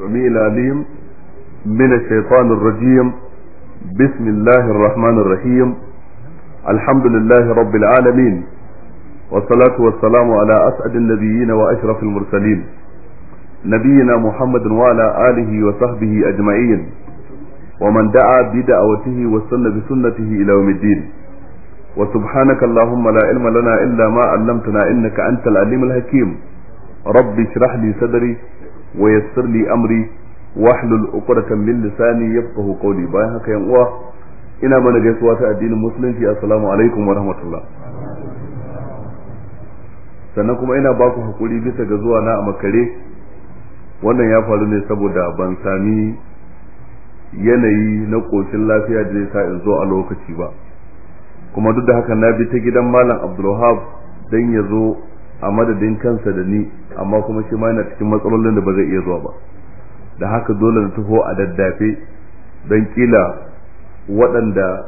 السميع العليم من الشيطان الرجيم بسم الله الرحمن الرحيم الحمد لله رب العالمين والصلاة والسلام على أسعد النبيين وأشرف المرسلين نبينا محمد وعلى آله وصحبه أجمعين ومن دعا بدعوته وسن بسنته إلى يوم الدين وسبحانك اللهم لا علم لنا إلا ما علمتنا إنك أنت العليم الحكيم رب اشرح لي صدري ويسر لي أمري واحلل عقدة من لساني يفقه قولي باي هكا يا ina mana gaisuwa ta addinin musulunci السلام عليكم wa الله sannan kuma ina baku hakuri bisa ga zuwa na a makare wannan ya faru ne saboda ban sami yanayi na ƙoshin lafiya da zai sa in zo a lokaci ba kuma duk da haka na bi ta gidan malam abdulwahab dan ya zo a madadin kansa da ni amma kuma shi ma yana cikin matsalolin da ba zai iya zuwa ba da haka dole na taho a daddafe don kila waɗanda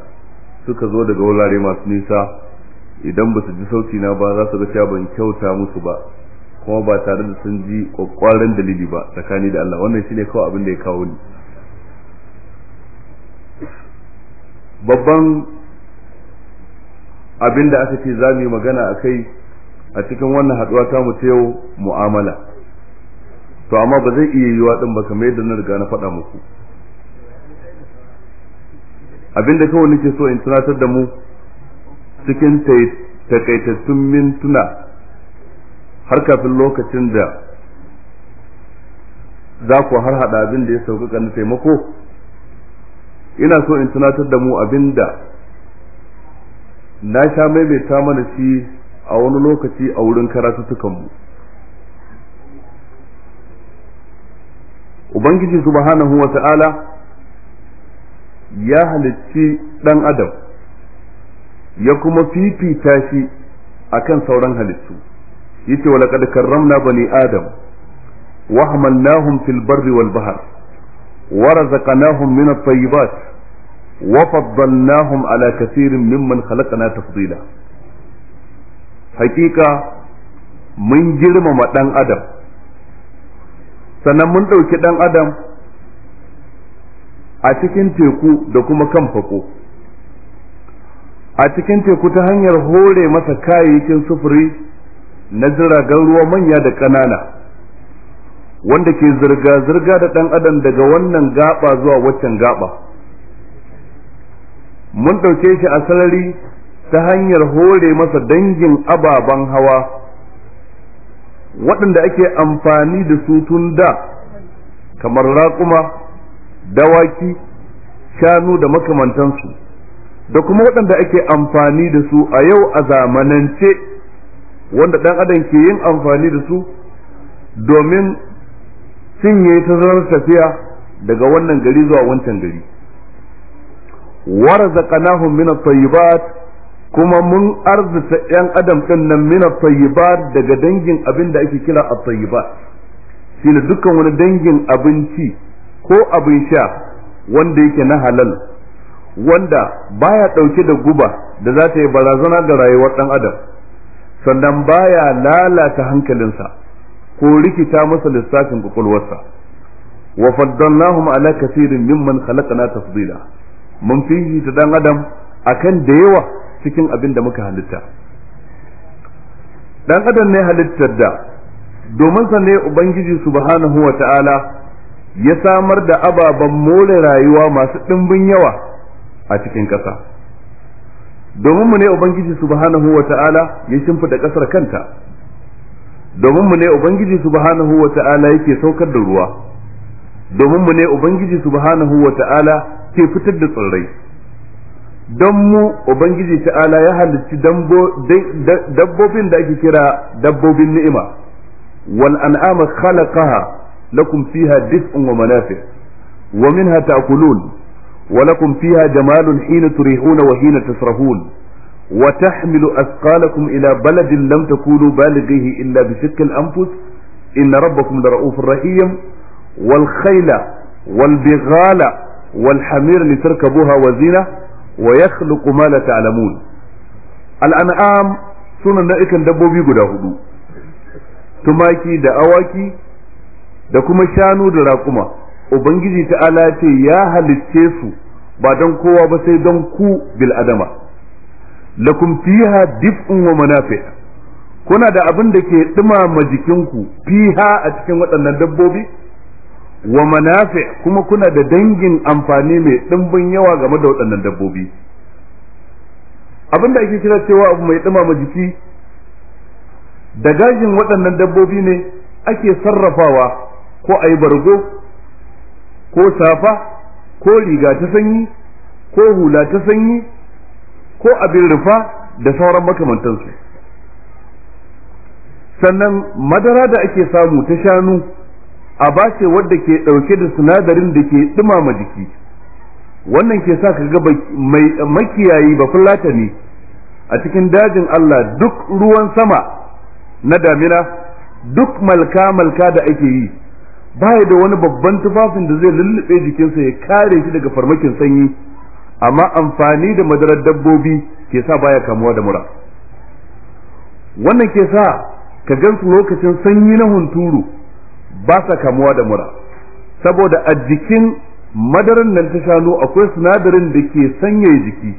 suka zo daga wurare masu nisa idan ba su ji sauti na ba za su ga ban kyauta musu ba kuma ba tare da sun ji kwakwaran dalili ba tsakani da Allah wannan shine kawai abin da ya kawo ni babban abin da aka ce za mu yi magana a kai a cikin wannan haduwa ta mu ta yau mu'amala to amma ba zai iya yiwa din ba kamar yadda na riga na faɗa muku abinda kawai nake so in tunatar da mu cikin takaitattun mintuna har kafin lokacin da za ku har hada abin da ya sauƙaƙa na taimako ina so in tunatar da mu abin da na sha maimaita mana shi a wani lokaci a wurin karatuttukanmu ubangiji subhanahu wa ta'ala ya halicci ɗan adam ya kuma fifita shi akan sauran halittu yace wa laqad karramna bani adam wa hamalnahum fil barri wal bahr wa razaqnahum min at-tayyibat wa faddalnahum ala kathirin mimman khalaqna tafdila hakika mun girmama ɗan adam sannan mun ɗauki ɗan adam a cikin teku da kuma kan fako a cikin teku ta hanyar hore masa kayayyakin sufuri na jiragen ruwa manya da ƙanana wanda ke zirga-zirga da ɗan adam daga wannan gaba zuwa waccan gaba mun ɗauke shi a sarari ta hanyar hore masa dangin ababen hawa waɗanda ake amfani da su tun da kamar raƙuma dawaki shanu da makamantansu da kuma waɗanda ake amfani da su a yau a zamanance wanda ɗan adam ke yin amfani da su domin cinye zarar tafiya daga wannan gari zuwa wancan gari warzaqnahum min at-tayyibat kuma mun arzuta yan adam ɗin nan mina tayyiba daga dangin abin da ake kira at shi shine dukkan wani dangin abinci ko abin sha wanda yake na halal wanda baya ɗauke da guba da za ta yi barazana ga rayuwar ɗan adam sannan baya lalata hankalinsa ko rikita masa lissafin kwakwalwarsa wa faddalnahum ala kathirin mimman khalaqna tafdila mun ta ɗan adam akan da yawa cikin abin da muka halitta dan adam ne halittar da domin sa ne ubangiji subhanahu wa ta'ala ya samar da ababen more rayuwa masu ɗimbin yawa a cikin ƙasa domin mu ne ubangiji subhanahu wa ta'ala ya shimfida ƙasar kanta domin mu ne ubangiji subhanahu wa ta'ala yake saukar da ruwa domin mu ne ubangiji subhanahu wa ta'ala ke fitar da tsirrai don mu ubangiji ta'ala ya halicci dabbobin da ake kira dabbobin ni'ima wal an'ama khalaqaha lakum fiha dif'un wa manafi' wa minha ta'kulun wa lakum fiha jamalun hina turihuna wa hina tasrahun wa tahmilu asqalakum ila baladin lam takulu balighihi illa bi al anfus inna rabbakum lara'ufur rahim wal khayla wal bighala wal hamira litarkabuha wa wa yakhluqu ma la ta'lamun al'an'am sunan na'ikan dabbobi guda hudu tumaki da awaki da kuma shanu da raƙuma ubangiji ta'ala ce ya halicce su ba don kowa ba sai don ku bil adama lakum fiha dif'un wa manafi kuna da abin da ke dumama jikinku fiha a cikin waɗannan dabbobi wa manafi kuma kuna da dangin amfani mai ɗimbin yawa game da waɗannan dabbobi abinda ake kira cewa abu mai ɗumama jiki da gajin waɗannan dabbobi ne ake sarrafawa ko a yi bargo ko safa ko riga ta sanyi ko hula ta sanyi ko abin rufa da sauran makamantansu sannan madara da ake samu ta shanu A ba ce wadda ke ɗauke da sinadarin da ke ɗumama jiki wannan ke sa ka ga mai makiyayi ba fulata ne a cikin dajin Allah duk ruwan sama na damina duk malka malka da ake yi baya da wani babban tufafin da zai lullube jikinsa ya kare shi daga farmakin sanyi amma amfani da madarar dabbobi ke sa baya kamuwa da mura wannan ke sa ka gansu lokacin sanyi na hunturu ba sa kamuwa da mura saboda a jikin madarar nan ta shanu akwai sinadarin da ke sanyaya jiki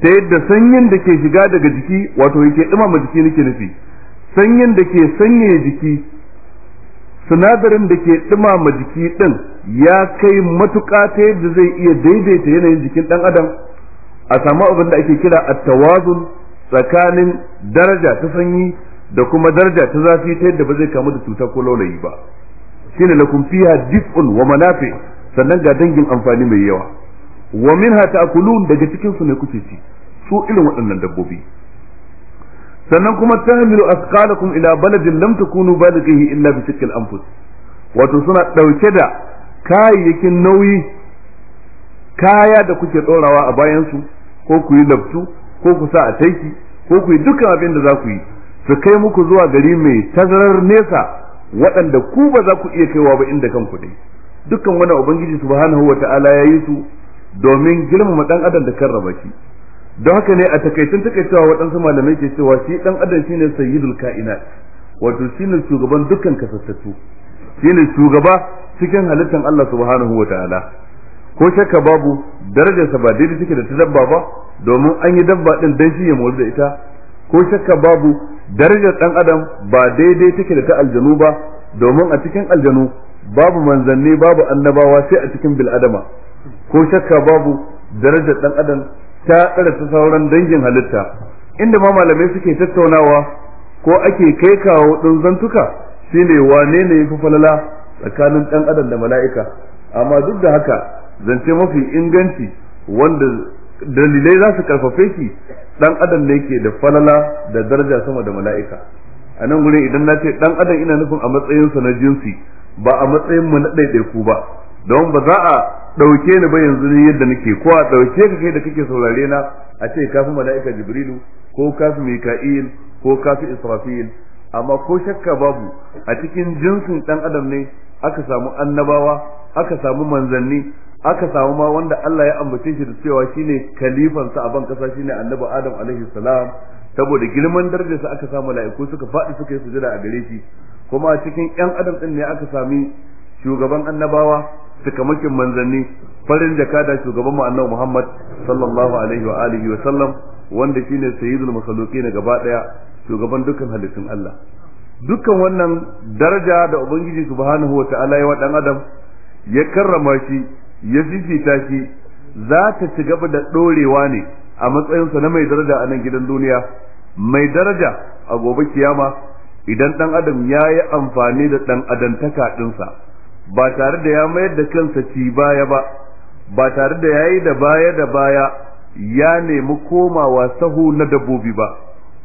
ta yadda sanyin da ke shiga daga jiki wato yake dumama jiki nake nufi sanyin da ke sanyaya jiki sinadarin da ke dumama jiki din ya kai matuƙa ta yadda zai iya daidaita yanayin jikin dan adam a samu abin da ake kira at-tawazun tsakanin daraja ta sanyi da kuma daraja ta zafi ta yadda ba zai kamu da cuta ko laulayi ba shine lakum fiha dif'un wa manafi sannan ga dangin amfani mai yawa wa minha ta'kulun daga cikin su ne kuke ci su irin waɗannan dabbobi sannan kuma tahmilu asqalakum ila baladin lam takunu balighihi illa bi shakl anfus wato suna dauke da kayayyakin nauyi kaya da kuke dorawa a bayan su ko ku yi labtu ko ku sa a taiki ko ku yi dukkan abin da za ku yi su kai muku zuwa gari mai tazarar nesa waɗanda ku ba za ku iya kaiwa ba inda kanku dai dukkan wani ubangiji subhanahu ta'ala ya yi su domin girmama dan adam da karraba shi don haka ne a takaicin takaitawa waɗansu malamai ke cewa shi dan adam shine sayyidul kainat wato shine shugaban dukkan kasassatu shine shugaba cikin halittar Allah subhanahu ta'ala ko shakka babu darajarsa ba daidai take da ta dabba ba domin an yi dabba ɗin dan shi ya mori da ita ko shakka babu darajar dan adam ba daidai take da ta aljanu ba domin a cikin aljanu babu manzanni babu annabawa sai a cikin bil'adama ko shakka babu darajar dan adam ta tsara ta sauran dangin halitta inda ma malamai suke tattaunawa ko ake kai kawo din zantuka shine wane ne yafi falala tsakanin ɗan adam da mala'ika amma duk da haka zance mafi inganci wanda dalilai za su karfafe shi dan adam ne ke da falala da daraja sama da mala'ika a nan gurin idan na ce dan adam ina nufin a matsayin sa na jinsi ba a matsayin mu na ɗaiɗaiku ba don ba za a ɗauke ni ba yanzu ne yadda nake ko a ɗauke ka kai da kake saurare na a ce kafi mala'ika jibrilu ko kafi mika'il ko kafi israfil amma ko shakka babu a cikin jinsin dan adam ne aka samu annabawa aka samu manzanni aka samu ma wanda Allah ya ambace shi da cewa shine kalifansa a ban kasa shine annabi Adam alaihi salam saboda girman darajarsa aka samu mala'iku suka faɗi suka yi sujada a gare shi kuma a cikin ƴan adam din ne aka sami shugaban annabawa sakamakin manzanni farin jakada shugaban mu annabi Muhammad sallallahu alaihi wa alihi wa sallam wanda shine sayyidul makhluqin gaba daya shugaban dukkan halittun Allah dukkan wannan daraja da ubangiji subhanahu wa ta'ala ya wa dan adam ya karrama shi ya fifita shi za ta ci gaba da ɗorewa ne a matsayinsa na mai daraja a nan gidan duniya mai daraja a gobe kiyama idan ɗan adam ya yi amfani da ɗan adantaka ɗinsa ba tare da ya mayar da kansa ci baya ba ba tare da ya yi da baya da baya ya nemi komawa sahu na dabbobi ba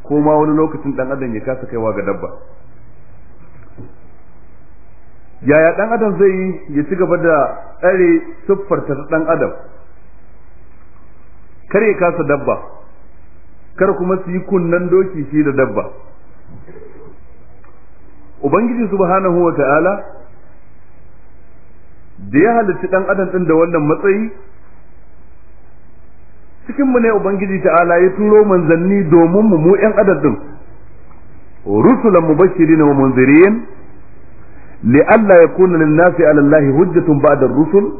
koma wani lokacin ɗan adam ya kasa kaiwa ga dabba yaya dan adam zai yi ya ci gaba da tsare siffarta ta dan adam kar ya kasa dabba kar kuma su yi kunnan doki shi da dabba ubangiji subhanahu wa ta'ala da ya halarci dan adam din da wannan matsayi cikinmu ne ubangiji ta'ala ya turo manzanni domin mu mu yan adam din rusulan mubashirin wa munzirin لئلا يكون للناس على الله حجة بعد الرسل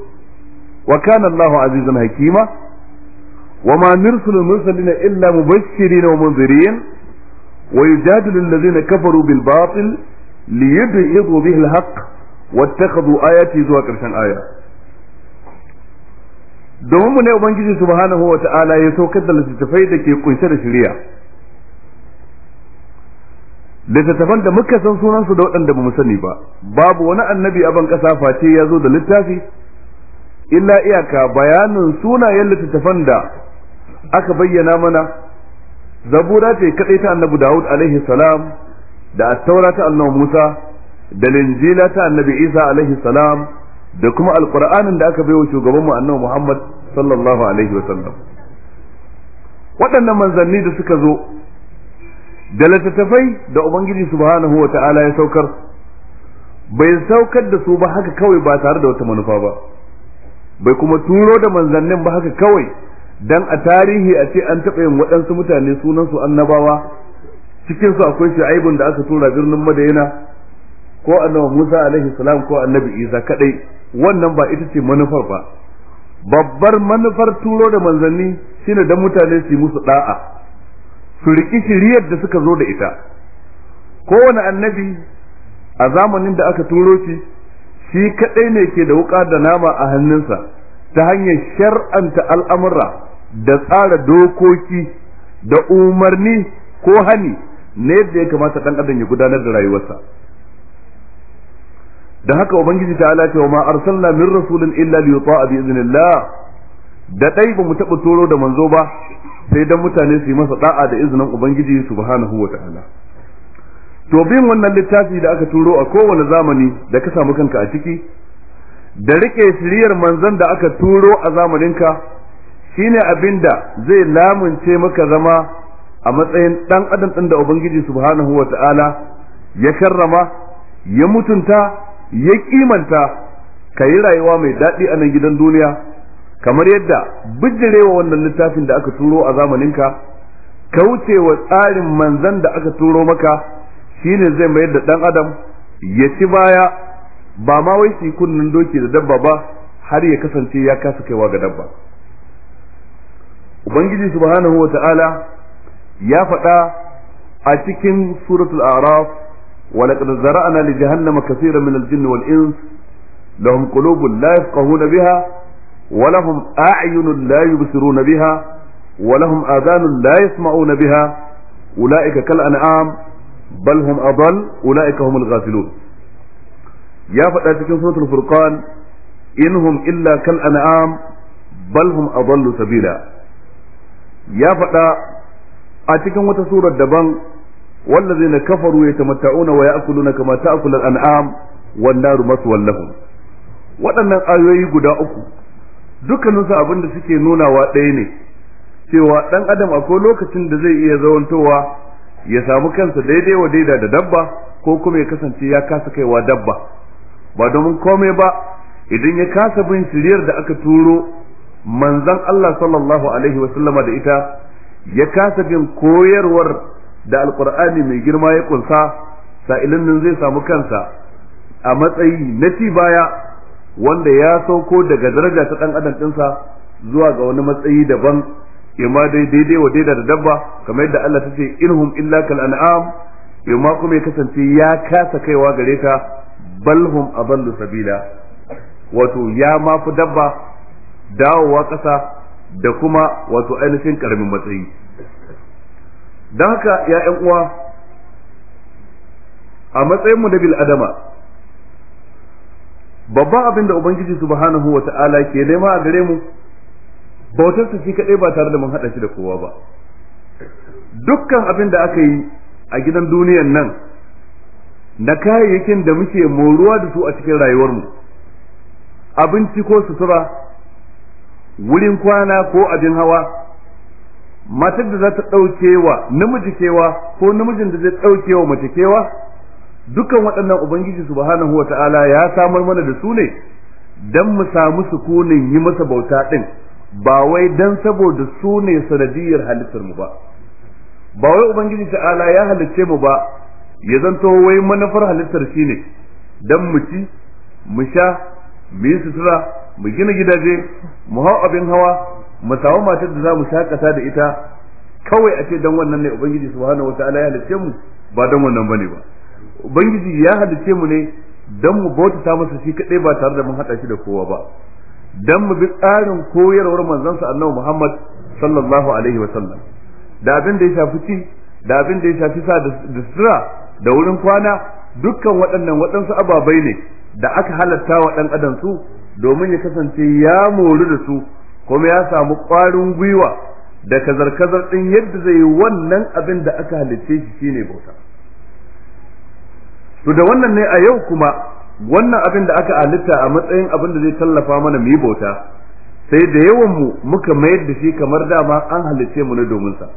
وكان الله عزيزا حكيما وما نرسل المرسلين إلا مبشرين ومنذرين ويجادل الذين كفروا بالباطل ليدحضوا به الحق واتخذوا آياتي زوا كرشان آية domin mu ne ubangiji subhanahu wa ta'ala ya saukar da littattafai da ke kunshe da shari'a littattafan da muka san sunansu da waɗanda ba mu sani ba babu wani annabi a ban ƙasa face ya zo da littafi illa iyaka bayanin sunayen littattafan da aka bayyana mana zabura ce kaɗai ta annabi dawud alaihi salam da attaura ta annabi musa da linjila ta annabi isa alaihi salam da kuma alƙur'anin da aka baiwa shugabanmu annabi muhammad sallallahu alaihi sallam. waɗannan manzanni da suka zo da littattafai da ubangiji subhanahu wa ta'ala ya saukar bai saukar da su ba haka kawai ba tare da wata manufa ba bai kuma turo da manzannin ba haka kawai dan a tarihi a ce an taɓa yin waɗansu mutane sunansu annabawa cikin su akwai aibun da aka tura birnin madaina ko annabi Musa alaihi salam ko annabi Isa kadai wannan ba ita ce manufar ba babbar manufar turo da manzanni shine dan mutane su musu da'a su riki shiriyar da suka zo da ita kowane annabi a zamanin da aka turo shi shi kadai ne ke da wuƙa da nama a hannunsa ta hanyar shar'anta al'amura da tsara dokoki da umarni ko hani na yadda ya kamata dan adam ya gudanar da rayuwarsa da haka ubangiji ta ala cewa ma arsalna min rasulin illa li bi iznillah da dai bamu mu taba turo da manzo ba sai dan mutane su yi masa da'a da izinin ubangiji subhanahu wataala to bin wannan littafi da aka turo a kowane zamani da ka samu kanka a ciki da rike shiriyar manzon da aka turo a zamaninka shine abin da zai lamunce maka zama a matsayin dan adam din da ubangiji subhanahu wataala ya karrama ya mutunta ya kimanta ka yi rayuwa mai daɗi a nan gidan duniya kamar yadda bijirewa wannan littafin da aka turo a zamaninka wa tsarin manzan da aka turo maka shine zai mayar da ɗan adam ya ci baya ba ma wai shi kunnin doki da dabba ba har ya kasance ya kasa kaiwa ga dabba ubangiji subhanahu wa ta'ala ya faɗa a cikin suratul a'raf jahannama زرعنا min al-jinni wal ins lahum qulubun la yafqahuna biha ولهم أعين لا يبصرون بها ولهم آذان لا يسمعون بها أولئك كالأنعام بل هم أضل أولئك هم الغافلون يا فتاة سورة الفرقان إنهم إلا كالأنعام بل هم أضل سبيلا يا فتاة أتكم وتسورة الدبان والذين كفروا يتمتعون ويأكلون كما تأكل الأنعام والنار مثوى لهم waɗannan ayoyi guda uku dukkaninsu abin da suke nunawa ɗaya ne cewa ɗan adam akwai lokacin da zai iya zawantowa ya samu kansa daidai wa daida da dabba ko kuma ya kasance ya kasa kaiwa dabba ba domin komai ba idan ya kasa bin shiriyar da aka turo manzan Allah sallallahu alaihi wasallama da ita ya kasa bin koyarwar da alkur'ani mai girma ya kunsa sa'ilin nan zai samu kansa a matsayi na ci baya wanda ya sauko daga daraja ta dan adam dinsa zuwa ga wani matsayi daban imma dai daidai wa daidai da dabba kamar yadda Allah ta ce inhum illa kal an'am imma kuma ya kasance ya kasa kaiwa gare ta balhum aballu sabila wato ya ma dabba dawowa kasa da kuma wato ainihin karamin matsayi don haka ya uwa a matsayin mu na bil adama babban abin da ubangiji subhanahu wa ta'ala ke nema a gare mu bautar su shi kadai ba tare da mun hada shi da kowa ba dukkan abin da aka yi a gidan duniyan nan na kayayyakin da muke moruwa da su a cikin rayuwar mu abinci ko sutura wurin kwana ko abin hawa matar da za ta ɗauke wa namiji kewa ko namijin da zai ɗauke wa mace kewa Dukkan waɗannan ubangiji subhanahu ta'ala ya samar mana da su ne dan mu samu sukunin yi masa bauta din ba wai dan saboda su ne sanadiyar halittar mu ba ba wai ubangiji ta'ala ya halicce mu ba ya zanto wai manufar halittar shi ne dan mu ci mu sha mu yi sutura mu gina gidaje mu hau abin hawa mu samu matar da za mu shakata da ita kawai a ce dan wannan ne ubangiji subhanahu wataala ya halicce mu ba dan wannan bane ba ubangiji ya halice mu ne dan mu bautata masa shi kadai ba tare da mun hada shi da kowa ba dan mu bi tsarin koyarwar manzansa annabi Muhammad sallallahu alaihi wa sallam da abin da ya shafi ci da abin da ya shafi sa da sura da wurin kwana dukkan waɗannan waɗansu ababai ne da aka halatta wa ɗan adam su domin ya kasance ya mori da su kuma ya samu ƙwarin gwiwa da kazar-kazar ɗin yadda zai yi wannan abin da aka halicce shi shine bauta to da wannan ne a yau kuma wannan abin da aka alitta a matsayin abin da zai tallafa mana mu yi bauta sai da yawan mu muka mayar da shi kamar dama an halice mu ne domin sa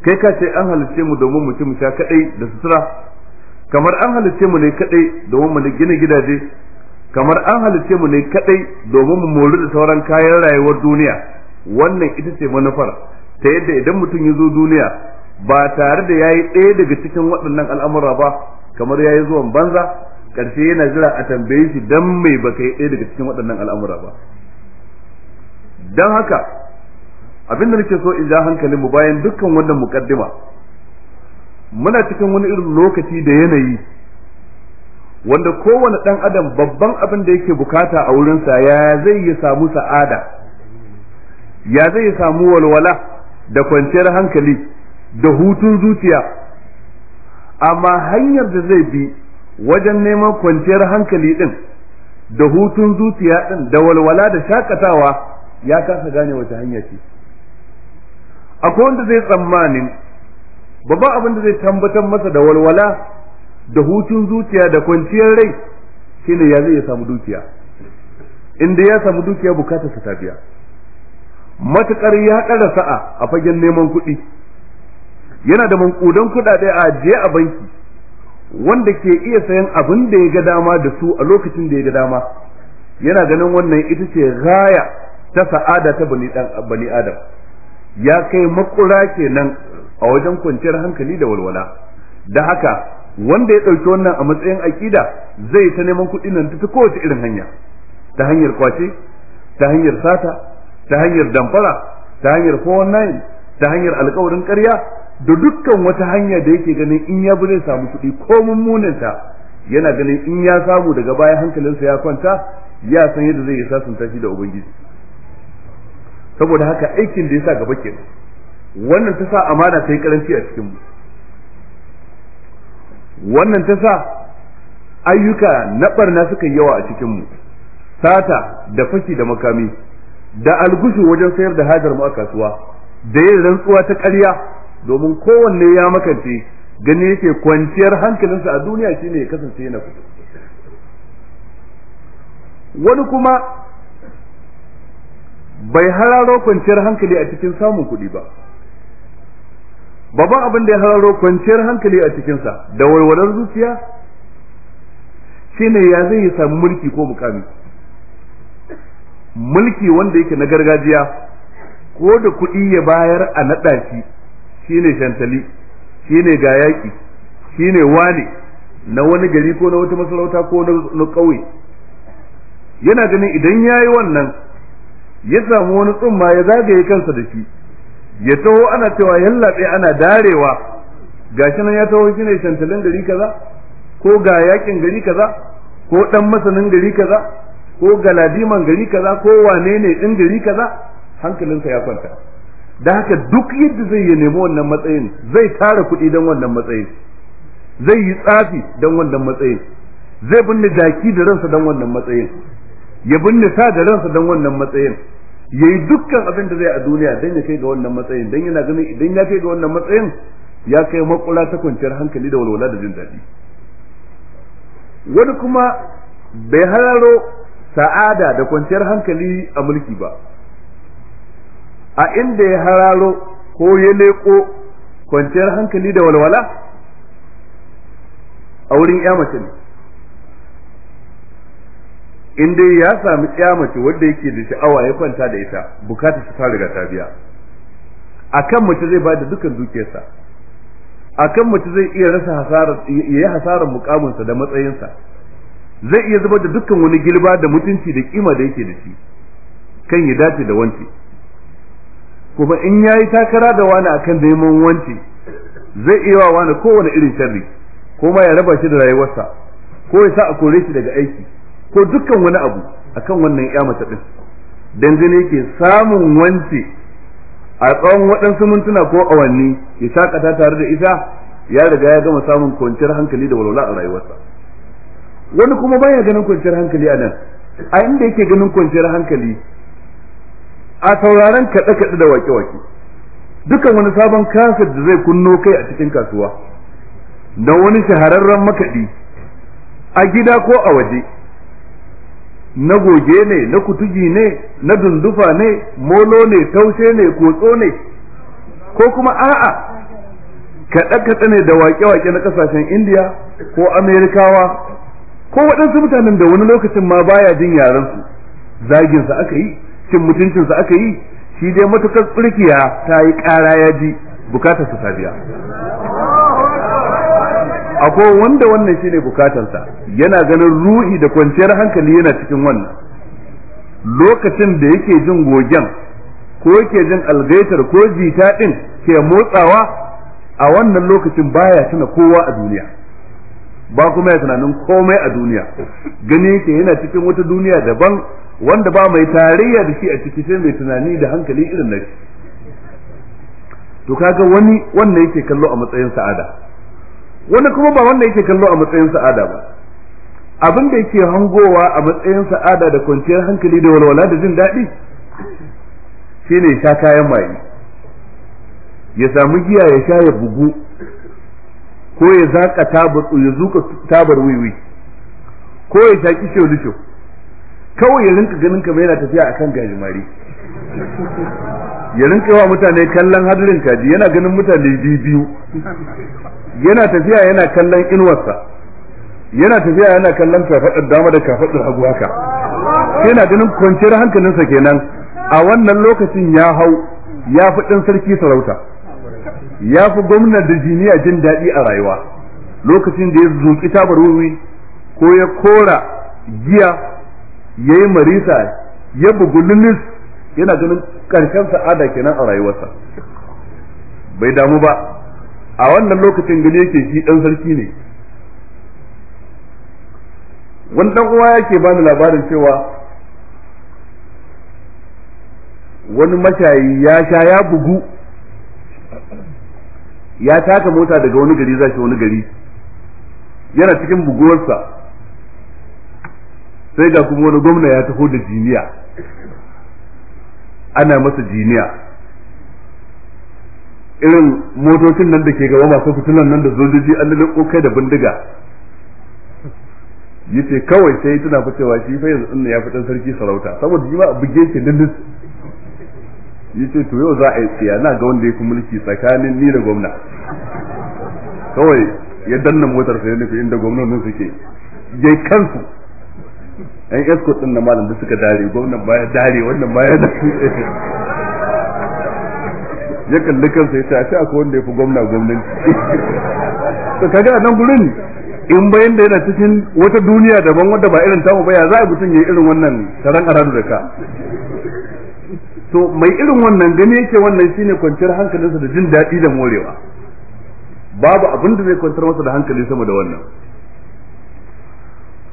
kai ka ce an halice mu domin mu sha kadai da sutura kamar an halice mu ne kadai domin mu gina gidaje kamar an halice mu ne kadai domin mu mori da sauran kayan rayuwar duniya wannan ita ce manufar ta yadda idan mutum ya zo duniya ba tare da ya yi ɗaya daga cikin waɗannan al'amura ba kamar ya yi zuwan banza ƙarshe yana jira a tambaye shi don mai baka yi ɗaya daga cikin waɗannan al'amura ba Don haka abinda nake so in ja hankalin mu bayan dukkan wannan mukaddima muna cikin wani irin lokaci da yanayi wanda kowane ɗan adam babban abin da yake bukata a wurinsa ya zai ya samu sa'ada ya zai ya samu walwala da kwanciyar hankali da hutun zuciya amma hanyar da zai bi wajen neman kwanciyar hankali din da hutun zuciya din da walwala da shakatawa ya kasa gane wata hanya ce akwai wanda zai tsammanin babban abin da zai tambatar masa da walwala da hutun zuciya da kwanciyar rai shine ya zai ya samu dukiya inda ya samu dukiya bukatarsa ta biya matukar ya ƙara sa'a a fagen neman kuɗi yana da mankudan kuɗaɗe a ajiye a banki wanda ke iya sayan abin da ya ga dama da su a lokacin da ya ga dama yana ganin wannan ita ce gaya ta sa'ada ta bani dan adam ya kai makura kenan a wajen kwanciyar hankali da walwala da haka wanda ya ɗauki wannan a matsayin aƙida zai ta neman kuɗi nan ta kowace irin hanya ta hanyar kwace ta hanyar sata ta hanyar damfara ta hanyar 419 ta hanyar alkawarin ƙarya da dukkan wata hanya da yake ganin in ya bi zai samu kuɗi ko mummunanta yana ganin in ya samu daga baya hankalinsa ya kwanta ya san yadda zai yi sasun shi da ubangiji saboda haka aikin da ya sa gaba kenan wannan ta sa amana ta yi karanci a cikin mu wannan ta sa ayyuka na barna suka yi yawa a cikin mu sata da fashi da makami da algushu wajen sayar da hajar mu a kasuwa da yin rantsuwa ta ƙarya domin kowanne ya makance gani yake kwanciyar hankalinsa a duniya shine ya kasance yana kudu wani kuma bai hararo kwanciyar hankali a cikin samun kuɗi ba babban abin da ya hararo kwanciyar hankali a cikinsa da walwalar zuciya shine ya zai yi samu mulki ko mukami mulki wanda yake na gargajiya ko da kuɗi ya bayar a naɗa shi Shi ne shantali shi ne ga shi ne wane na wani gari ko na wata masarauta ko na ƙauye yana ganin idan ya yi wannan ya samu wani tsumma ya zagaye kansa da shi ya taho ana cewa yallaɓe ana darewa gashi nan ya taho shi ne shantalin gari kaza ko ga yaƙin gari kaza ko ɗan masanin gari kaza ko galadiman gari kaza ko wane ne ɗin gari kaza hankalinsa ya kwanta da haka duk yadda zai ya nemi wannan matsayin zai tara kuɗi don wannan matsayin zai yi tsafi don wannan matsayin zai binne daki da ransa don wannan matsayin ya binne sa da ransa don wannan matsayin ya yi dukkan abin da zai a duniya dan ya kai ga wannan matsayin don yana ganin idan ya kai ga wannan matsayin ya kai makula ta kwanciyar hankali da walwala da jin daɗi wani kuma bai hararo sa'ada da kwanciyar hankali a mulki ba a inda ya hararo ko ya leko kwanciyar hankali da walwala a wurin ya mace ne Inda ya sami mace wanda yake da sha'awa ya kwanta da ita bukatar ta riga ta biya kan mace zai bada dukkan dukiyarsa kan mace zai iya rasa hasarar yayi hasarar mukaminsa da matsayinsa zai iya zubar da dukkan wani gilba da mutunci da kima da yake da shi kan ya dace da wanci kuma in ya yi takara da wani akan neman wanci zai iya wa wani kowane irin sharri ko ma ya raba shi da rayuwarsa ko ya sa a kore shi daga aiki ko dukkan wani abu akan wannan ya mace din dangane yake samun wanci a tsawon waɗansu mintuna ko awanni ya shakata tare da ita ya riga ya gama samun kwanciyar hankali da walwala a rayuwarsa wani kuma baya ganin kwanciyar hankali a nan a inda yake ganin kwanciyar hankali a tauraron kaɗe kaɗe da wake wake dukan wani sabon kansa da zai kunno kai a cikin kasuwa da wani shahararren makaɗi a gida ko a waje na goge ne na kutugi ne na dundufa ne molo ne taushe ne kotso ne ko kuma a'a kaɗe-kaɗe ne da wake-wake na ƙasashen indiya ko amerikawa ko waɗansu mutanen da wani lokacin ma baya jin yarensu zaginsa aka yi cin mutuncinsa aka yi shi dai matukar tsirkiya ta yi ƙara ya ji bukatar su biya akwai wanda wannan shine bukatarsa yana ganin ruhi da kwanciyar hankali yana cikin wannan lokacin da yake jin gogen ko yake jin algaitar ko jita din ke motsawa a wannan lokacin baya tuna kowa a duniya ba kuma ya tunanin komai a duniya gani yake yana cikin wata duniya daban wanda ba mai tarayya da shi a ciki sai mai tunani da hankali irin na shi to kaga wani wanda yake kallo a matsayin sa'ada wani kuma ba wanda yake kallo a matsayin sa'ada ba abin da yake hangowa a matsayin sa'ada da kwanciyar hankali da walwala da jin daɗi shine sha kayan maye ya samu giya ya sha ya bugu ko ya zaka tabar ya zuka tabar wiwi ko ya shaki sholisho kawai ya rinka ganin kamar yana tafiya akan gajimare ya rinka wa mutane kallon hadirin kaji yana ganin mutane biyu yana tafiya yana kallon inuwarsa yana tafiya yana kallon kafaɗar dama da kafaɗar hagu haka yana ganin kwanciyar hankalinsa kenan a wannan lokacin ya hau ya fi ɗan sarki sarauta ya fi gwamnan da jiniya jin daɗi a rayuwa lokacin da ya zuƙi tabar wuri ko ya kora giya Yayi marisa ya bugu lilis yana ganin ƙarshen sa'ada kenan a rayuwarsa bai damu ba a wannan lokacin gani yake shi ɗan sarki ne wani ɗan uwa yake bani labarin cewa wani mashayi ya sha ya bugu ya taka mota daga wani gari za shi wani gari yana cikin buguwarsa sai ga kuma wani gwamna ya taho da jiniya ana masa jiniya irin motocin nan da ke gaba masu fitilan nan da zojoji an lalle kai da bindiga yace kawai sai tana fitowa shi fa yanzu ya fi ɗan sarki sarauta saboda shi ma a buge shi dindin yace to yau za a yi tsaye na ga wanda ya fi mulki tsakanin ni da gwamna kawai ya danna motar sai nufi inda gwamnonin suke je kansu yan escort din na malam da suka dare gwamnan baya dare wannan baya da ya kalli kansa ya ce a akwai wanda ya fi gwamna gwamnati to kaga a nan gurin in bayan da yana cikin wata duniya daban wadda ba irin tamu ba ya za a mutum ya irin wannan taron aradu da ka to mai irin wannan gani yake wannan shine kwanciyar hankalinsa da jin daɗi da morewa babu abin da zai kwantar masa da hankali sama da wannan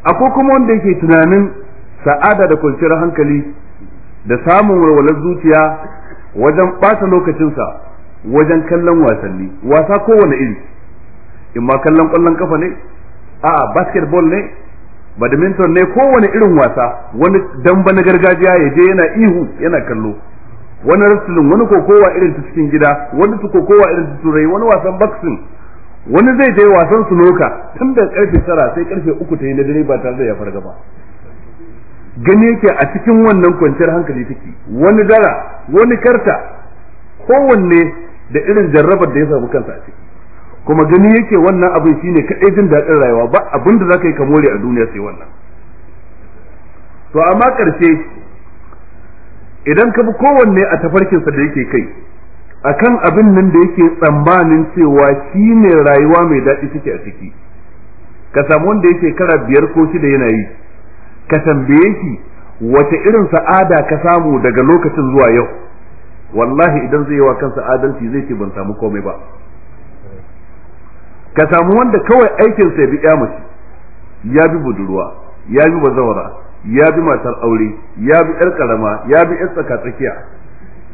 akwai kuma wanda yake tunanin sa'ada da kwanciyar hankali da samun walwalar zuciya wajen ɓata lokacinsa wajen kallon wasanni wasa kowane iri in ma kallon ƙwallon kafa ne a basketball ne badminton ne kowane irin wasa wani damba na gargajiya ya je yana ihu yana kallo wani wrestling wani kokowa irin ta cikin gida wani su kokowa irin ta turai wani wasan boxing wani zai je wasan sunoka tun da karfe tara sai karfe uku ta yi na dare ba tare da ya farga ba gani yake a cikin wannan kwanciyar hankali take wani dara wani karta kowanne da irin jarrabar da ya samu kansa a ciki kuma gani yake wannan abin shine kadai jin daɗin rayuwa ba abin da zaka yi ka more a duniya sai wannan to amma karshe idan ka bi kowanne a tafarkinsa da yake kai akan abin nan da yake tsammanin cewa shi ne rayuwa mai daɗi take a ciki ka samu wanda yake kara biyar ko shida yana yi ka tambaye shi wace irin sa'ada ka samu daga lokacin zuwa yau wallahi idan zai yi wa kansa adalci zai ce ban samu komai ba ka samu wanda kawai aikinsa ya bi mace ya bi budurwa ya bi bazawara ya bi matar aure ya bi yar karama ya bi yar tsaka tsakiya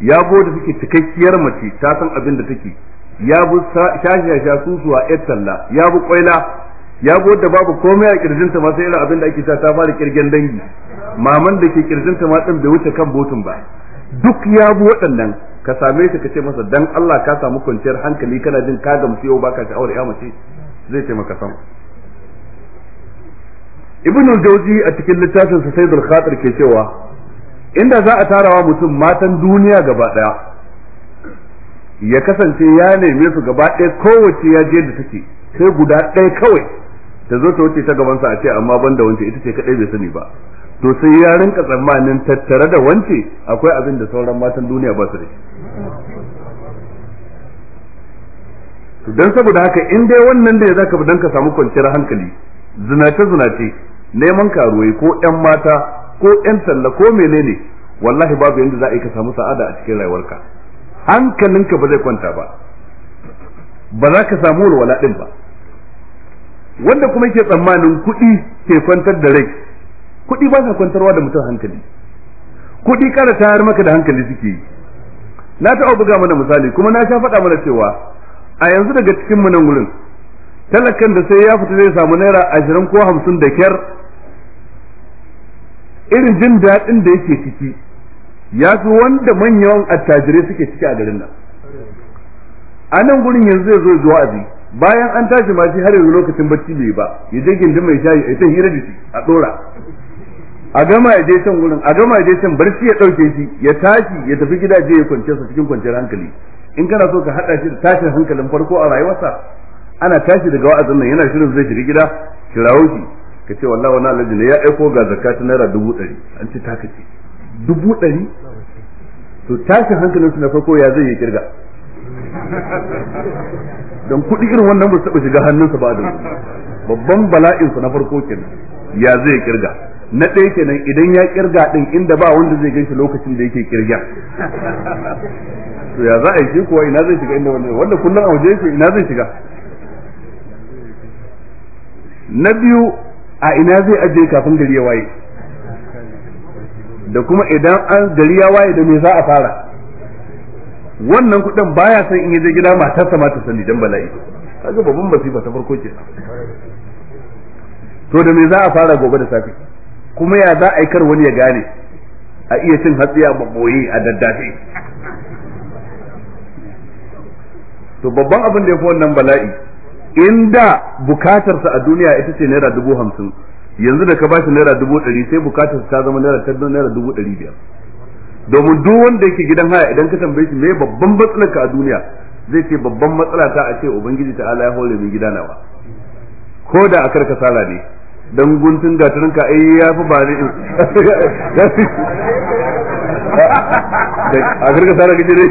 ya go da suke cikakkiyar mace ta san abin da take ya bu shashasha susuwa yar talla ya bu kwaila ya bu da babu komai a kirjinta ma sai irin abin da ake sa ta fara kirgen dangi maman da ke kirjinta ma din bai wuce kan botun ba duk ya bu waɗannan ka same shi ka ce masa dan Allah ka samu kwanciyar hankali kana jin ka gamsu yau baka sha'awar ya mace zai taimaka sam. ibnu jawzi a cikin littafin sa saidul khatir ke cewa inda za a tarawa mutum matan duniya gaba daya ya kasance ya neme su gaba daya kowace ya je da take sai guda ɗaya kawai ta zo ta wuce ta gabansa a ce amma ban wance ita ce kadai bai sani ba to sai ya rinka tsammanin tattare da wance akwai abin da sauran matan duniya ba su da shi don saboda haka in dai wannan da ya zaka dan ka samu kwanciyar hankali zinace zinace neman karuwai ko 'yan mata ko yan talla ko menene wallahi babu yanda za a yi ka samu sa'ada a cikin rayuwarka hankalinka ba zai kwanta ba ba za ka samu walwala din ba wanda kuma ke tsammanin kuɗi ke kwantar da rai kuɗi ba sa kwantarwa da mutum hankali kuɗi ƙara tayar maka da hankali suke yi na taɓa buga mana misali kuma na sha faɗa mana cewa a yanzu daga cikin mu nan wurin talakan da sai ya fita zai samu naira ashirin ko hamsin da kyar irin jin daɗin da yake ciki ya fi wanda manyan attajirai suke ciki a garin nan a nan gurin yanzu ya zo zuwa azi bayan an tashi ma har yanzu lokacin bacci bai ba ya je gindin mai shayi a ita hira da shi a ɗora a gama ya je can gurin a gama ya je can barci ya ɗauke shi ya tashi ya tafi gidaje ya kwance su cikin kwanciyar hankali in kana so ka haɗa shi da tashin hankalin farko a rayuwarsa ana tashi daga wa'azin nan yana shirin zai shiga gida kirawo shi ka ce wallah wani alhaji ne ya aiko ga zakka naira dubu ɗari an ce taka ce dubu ɗari to tashin hankalin su na farko ya zai yi kirga don kuɗi irin wannan ba su taɓa shiga hannunsa ba da babban bala'in su na farko kenan ya zai kirga na ɗaya kenan idan ya kirga ɗin inda ba wanda zai ganshi lokacin da yake kirga to ya za a yi kuwa ina zai shiga inda wanda wanda kullum a waje yake ina zai shiga na biyu a ina zai ajiye kafin gari ya waye da kuma idan an gari ya waye da me za a fara wannan kuɗin baya san in yaje gida matarsa ma ta sani dan bala'i kaga babban masifa ta farko ke to da me za a fara gobe da safe kuma ya za a yi kar wani ya gane a iya cin hatsi a baboyi a daddafe to babban abin da ya fi wannan bala'i inda bukatarsa a duniya ita ce naira dubu hamsin yanzu da ka bashi naira dubu ɗari sai bukatarsa ta zama naira tattalin naira dubu ɗari biyar domin duk wanda yake gidan haya idan ka tambaye shi me babban matsalar ka a duniya zai ce babban matsala ta a ce ubangiji ta ala ya hore mai gida nawa ko da a karka sala ne dan guntun gatarin ka ai ya fi ba ne a karka sala gidi ne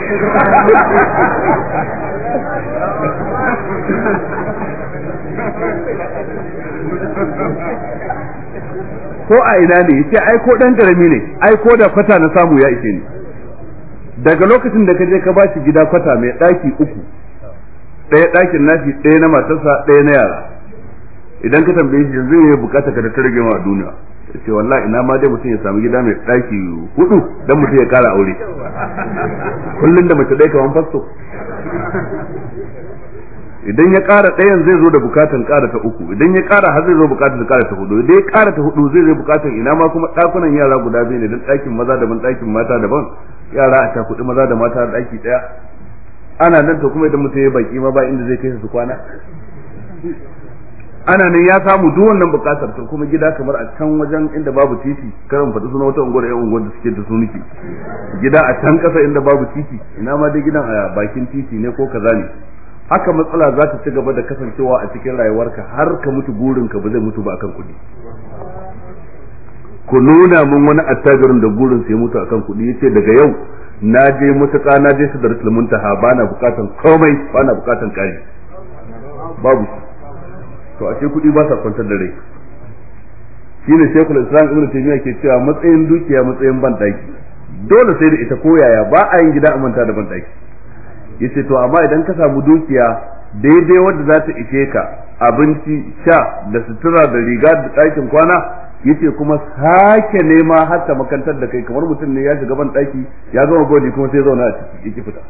ko a ina ne yace ai ko dan karami ne ai ko da kwata na samu ya ishe ni daga lokacin da ka je ka bashi gida kwata mai daki uku ɗaya ɗakin nashi ɗaya na matarsa ɗaya na yara idan ka tambaye shi yanzu ya bukata ka da ta rage ma duniya ce wallahi ina ma dai mutum ya samu gida mai ɗaki hudu dan mutum ya kara aure kullun da mace ɗaya kamar fasto idan ya ƙara ɗayan zai zo da bukatan kara ta uku idan ya ƙara har zai zo bukatan ta ƙara ta hudu idan ya kara ta hudu zai zo bukatan ina ma kuma ɗakunan yara guda biyu ne don ɗakin maza daban ɗakin mata daban yara a cakuɗi maza da mata ɗaki ɗaya ana nan to kuma idan mutum ya baki ma ba inda zai kai su kwana ana nan ya samu duk wannan bukatar to kuma gida kamar a can wajen inda babu titi karan faɗi suna wata unguwar yan unguwar da suke da su gida a can ƙasa inda babu titi ina ma dai gidan a bakin titi ne ko kaza ne haka matsala za ta ci gaba da kasancewa a cikin rayuwarka har ka mutu burinka ba zai mutu ba akan kuɗi ku nuna mun wani attajirin da burin sai mutu akan kuɗi yace daga yau na je mutuka na je sidratul muntaha ba na bukatan komai ba na bukatan kari babu to ashe kuɗi ba sa kwantar da rai shine shekul islam ibnu taymiya ke cewa matsayin dukiya matsayin ban daki dole sai da ita koyaya ba a yin gida a manta da ban daki yace to amma idan ka samu dukiya daidai wadda za ta ishe ka abinci sha da sutura da riga da ɗakin kwana yace kuma sake nema har ta makantar da kai kamar mutum ne ya shiga ban ɗaki ya zama godi kuma sai zauna a ciki yake fita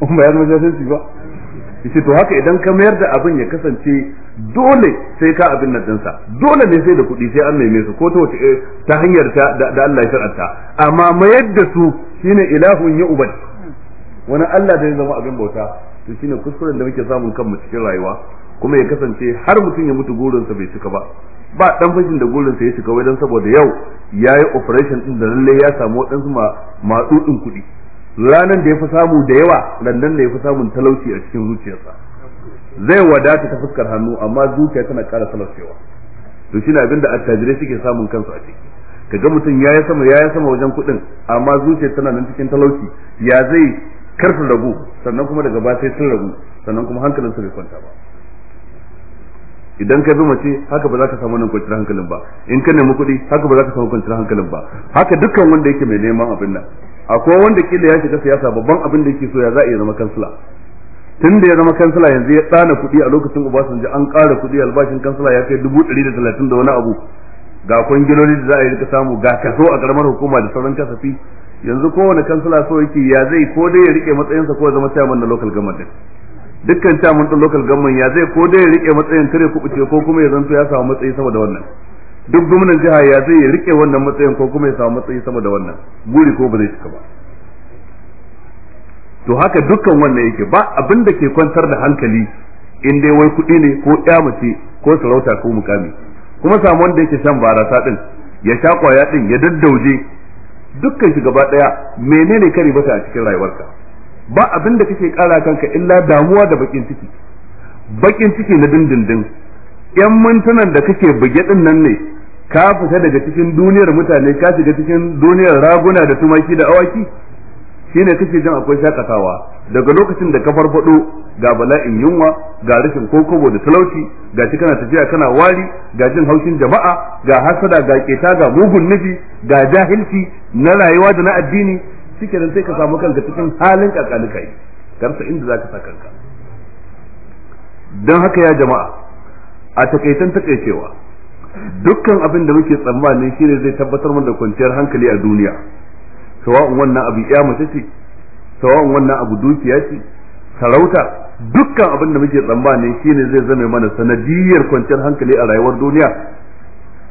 in ba ya zama sai ba yace to haka idan ka mayar da abin ya kasance dole sai ka abin nan dinsa dole ne sai da kuɗi sai an neme su ko ta wace eh, ta hanyar ta da Allah ya shar'anta amma mayar da su shine ilahun ya wani Allah da ya zama abin bauta to shine kuskuren da muke samun kanmu cikin rayuwa kuma ya kasance har mutum ya mutu gurinsa bai cika ba ba dan fashin da gurinsa ya cika wai dan saboda yau yayi operation din da lalle ya samu wadansu matsudin kuɗi ranan da ya fi samu da yawa landan da ya fi samun talauci a cikin zuciyarsa zai wadata ta fuskar hannu amma zuciya tana ƙara salarcewa to shine abin da attajirai suke samun kansu a ciki kaga mutum yayi sama yayi sama wajen kuɗin amma zuciyar tana nan cikin talauci ya zai kar su sannan kuma daga baya sai sun ragu sannan kuma hankalin su bai kwanta ba idan ka bi mace haka ba za ka samu nan kwanciyar hankalin ba in ka nemi kuɗi haka ba za ka samu kwanciyar hankalin ba haka dukkan wanda yake mai neman abin nan akwai wanda kila ya shiga siyasa babban abin da yake so ya za a iya zama kansila tun da ya zama kansila yanzu ya tsana kuɗi a lokacin obasanjo an ƙara kuɗi albashin kansila ya kai dubu ɗari da talatin da wani abu ga kwangiloli da za a yi rika samu ga kaso a karamar hukuma da sauran kasafi yanzu kowane kansila so yake ya zai ko dai ya rike matsayinsa ko ya zama chairman na local government dukkan chairman din local government ya zai ko dai ya rike matsayin kare kubuce ko kuma ya zanto ya samu matsayi sama da wannan duk gwamnan jiha ya zai ya rike wannan matsayin ko kuma ya samu matsayi sama da wannan guri ko ba zai cika ba to haka dukkan wannan yake ba abin da ke kwantar da hankali in dai wai kuɗi ne ko mace ko sarauta ko mukami kuma samu wanda yake shan barasa din ya sha ƙwaya din ya daddauje dukkan shi gaba daya menene ka ribata a cikin rayuwarka ba abin da kake kara kanka illa damuwa da bakin ciki bakin ciki na dindindin yan mintunan da kake buge din nan ne ka fita daga cikin duniyar mutane ka shiga cikin duniyar raguna da tumaki da awaki shine kake jin akwai shakatawa daga lokacin da ka farfado ga bala'in yunwa ga rashin kokobo da talauci ga shi kana tafiya kana wari ga jin haushin jama'a ga hasada ga keta ga mugun nufi ga jahilci na rayuwa da na addini shike sai ka samu kanka cikin halin kakalika yi karsa inda zaka sa kanka Don haka ya jama'a a takaitan takaicewa dukkan abin da muke tsammanin shine zai tabbatar mana da kwanciyar hankali a duniya sawa'un wannan abu ya mace ce sawa'un wannan abu dukiya ce sarauta dukkan abin da muke tsammani ne zai zame mana sanadiyar kwanciyar hankali a rayuwar duniya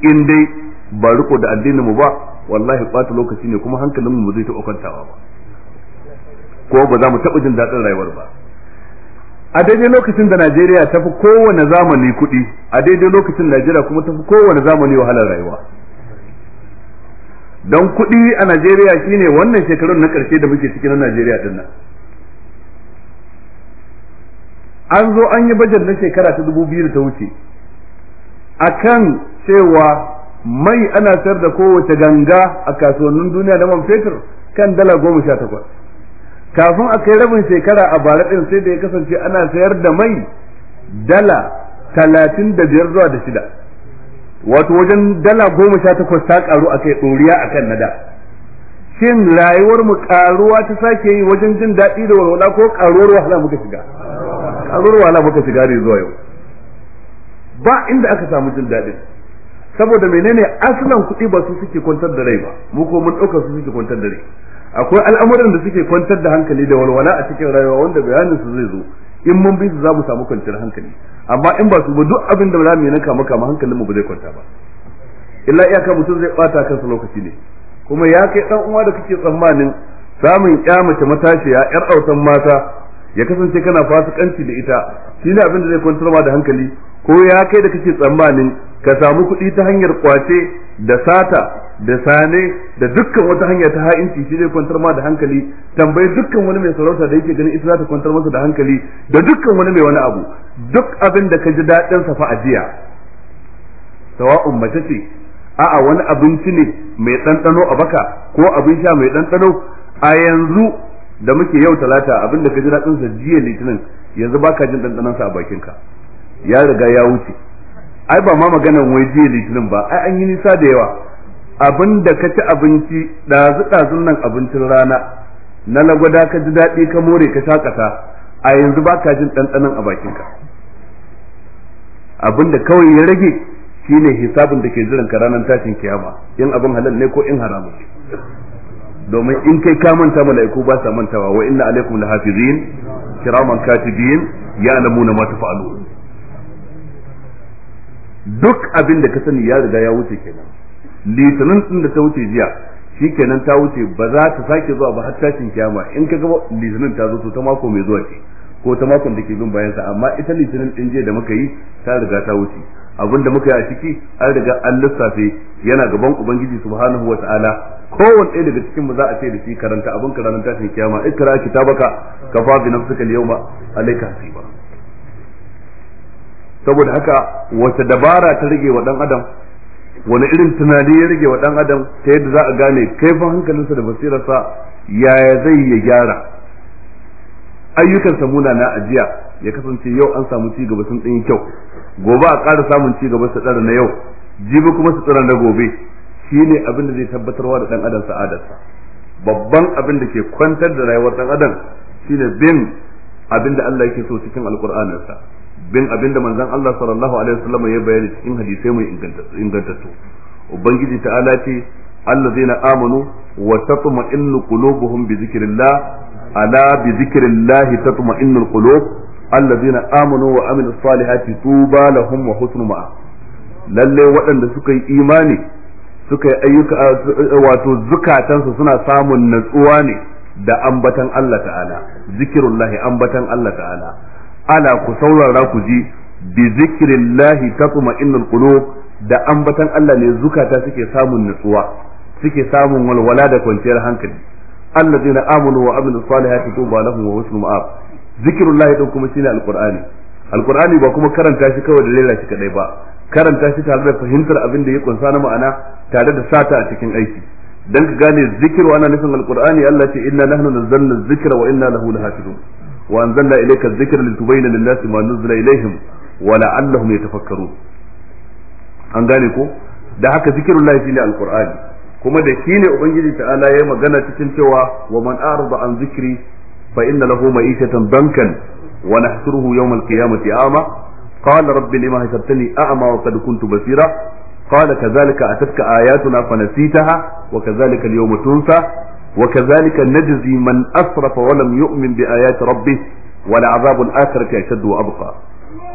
in dai ba riko da addinin mu ba wallahi ɓata lokaci ne kuma hankalin mu zai taɓa kwantawa ba ko ba za mu taɓa jin daɗin rayuwar ba a daidai lokacin da Najeriya ta fi kowane zamani kuɗi a daidai lokacin Najeriya kuma ta fi kowane zamani wahalar rayuwa don kuɗi a Najeriya shine wannan shekarun na ƙarshe da muke cikin Najeriya din an zo an yi bajar na shekara ta dubu biyu da ta wuce a kan cewa mai ana sayar da kowace ganga a kasuwannin duniya na man fetur kan dala goma sha takwas kafin a kai rabin shekara a bara ɗin sai da ya kasance ana sayar da mai dala talatin da biyar zuwa da shida wato wajen dala goma sha takwas ta karu a kai ɗoriya a kan na da shin rayuwar mu karuwa ta sake yi wajen jin daɗi da walwala ko karuwar wahala muka shiga karuwar wahala muka shiga ne zuwa yau ba inda aka samu jin daɗi saboda menene asalan kuɗi ba su suke kwantar da rai ba mu ko mun ɗauka su suke kwantar da rai akwai al'amuran da suke kwantar da hankali da walwala a cikin rayuwa wanda bayanin su zai zo in mun bi su za mu samu kwanciyar hankali amma in ba su ba duk abin da za mu yi na kama kama hankalin mu ba zai kwanta ba illa iyaka mutum zai bata kansa lokaci ne kuma ya kai dan uwa da kake tsammanin samun ya mace matashiya yar autan mata ya kasance kana fasikanci da ita shi ne abin da zai kwantar ma da hankali ko ya kai da kake tsammanin ka samu kuɗi ta hanyar kwace da sata da sane da dukkan wata hanya ta ha'inci shi zai kwantar ma da hankali tambayi dukkan wani mai sarauta da yake ganin ita za ta kwantar masa da hankali da dukkan wani mai wani abu duk abin da ka ji daɗin sa fa ajiya sawa'un mace ce a'a wani abinci ne mai ɗanɗano a baka ko abin sha mai ɗanɗano a yanzu da muke yau talata abin da ka ji daɗin sa jiya litinin yanzu baka jin ɗanɗanon sa a bakinka ya riga ya wuce ai ba ma maganan wai jiya litinin ba ai an yi nisa da yawa abin da ka ci abinci ɗazu ɗazun nan abincin rana na lagwada ka ji daɗi ka more ka shakata a yanzu ba ka jin ɗanɗanon a bakinka abin da kawai ya rage shine hisabin da ke jiran ka ranar tashin kiyama in abin halal ne ko in haramu domin in kai ka manta mala'iku ba sa mantawa wa inna alaikum hafizin kiraman katibin na ma fa'alu duk abin da ka sani ya riga ya wuce kenan litinin din da ta wuce jiya shikenan ta wuce ba za ta sake zuwa ba har tashin kiyama in ka ga litinin ta zo to ta mako mai zuwa ce ko ta makon da ke bin bayan sa amma ita litinin din jiya da muka yi ta riga ta wuce abin da muka yi a ciki an riga an lissafe yana gaban ubangiji subhanahu wa ta'ala kowanne ɗaya daga cikin mu za a ce da shi karanta abin karanta tashin kiyama ikra kitabaka kafa bi nafsika al-yawma alayka hasiba saboda haka wata dabara ta rage wa dan adam wani irin tunani ya rage wa dan adam ta yadda za a gane kaifin hankalinsa da basirarsa yaya zai ya gyara Ayyukansa munana na ajiya ya kasance yau an samu ci gaba sun ɗin kyau gobe a ƙara samun ci gaba su tsara na yau jibi kuma su tsara na gobe shi ne abin da zai tabbatarwa da ɗan adam sa'adarsa babban abin da ke kwantar da rayuwar ɗan adam shine bin abin da Allah yake so cikin alƙur'aninsa bin abin abinda manzon Allah sallallahu alaihi wasallam ya bayani cikin hadisai mai ingantattu ubangiji ta'ala ce allazina amanu wa tatma'innu qulubuhum bi zikrillah ala bi zikrillah tatma'innu alqulub allazina amanu wa amilus salihati tuba lahum wa husnu ma'a lalle waɗanda suka yi imani suka yi ayyuka wato zukatansu suna samun natsuwa ne da ambatan Allah ta'ala zikirullahi ambatan Allah ta'ala ala ku saurara ku ji bi zikrillahi tatma innal qulub da ambatan Allah ne zukata suke samun nutsuwa suke samun walwala da kwanciyar hankali alladheena amanu wa amilu salihati tuba lahum wa husnu ma'ab zikrullahi din kuma shine alqur'ani alqur'ani ba kuma karanta shi kawai da rera shi kadai ba karanta shi tare da fahimtar abin da ya kunsa na ma'ana tare da sata a cikin aiki dan ka gane zikiru ana nufin alqur'ani Allah ce inna nahnu nazzalna dhikra wa inna lahu lahafizun وأنزلنا إليك الذكر لتبين للناس ما نزل إليهم ولعلهم يتفكرون أن ذلك da haka zikirun lahi shine alqur'ani kuma da shine ubangiji ta ala yayi magana cikin cewa wa man arda an zikri fa inna lahu ma'ishatan bankan wa nahsuruhu yawm alqiyamati a'ma qala rabbi lima hasabtani a'ma wa qad kuntu basira qala kadhalika atatka ayatuna fa nasitaha wa kadhalika alyawma mutunsa. وكذلك نجزي من أسرف ولم يؤمن بآيات ربه ولعذاب الآخرة أشد وأبقى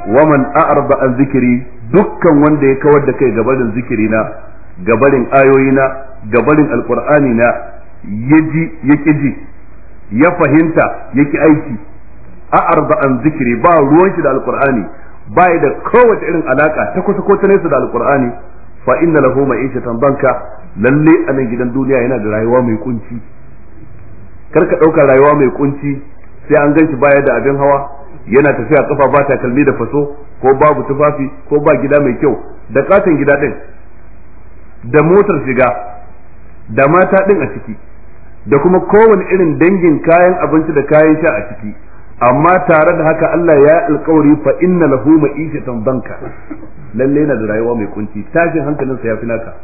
ومن أعرض عن ذكري دكا وند يكود كي قبل ذكرنا قبل آيوينا قبل القرآننا يجي يكجي يفهمت يكي أيتي أعرض عن ذكري با روانش دا القرآني ba da kowace irin alaka ta kusa ko ta nesa da alkur'ani fa inna lahu ma'ishatan banka lalle a nan gidan duniya yana da rayuwa mai kunci kar ka dauka rayuwa mai kunci sai an ganshi baya da abin hawa yana tafiya kafa ba kalmi da faso ko babu tufafi ko ba gida mai kyau da katin gida din da motar shiga da mata din a ciki da kuma kowane irin dangin kayan abinci da kayan sha a ciki amma tare da haka Allah ya alkawari fa inna lahu ma'ishatan banka lalle na da rayuwa mai kunci tashin sa ya fi naka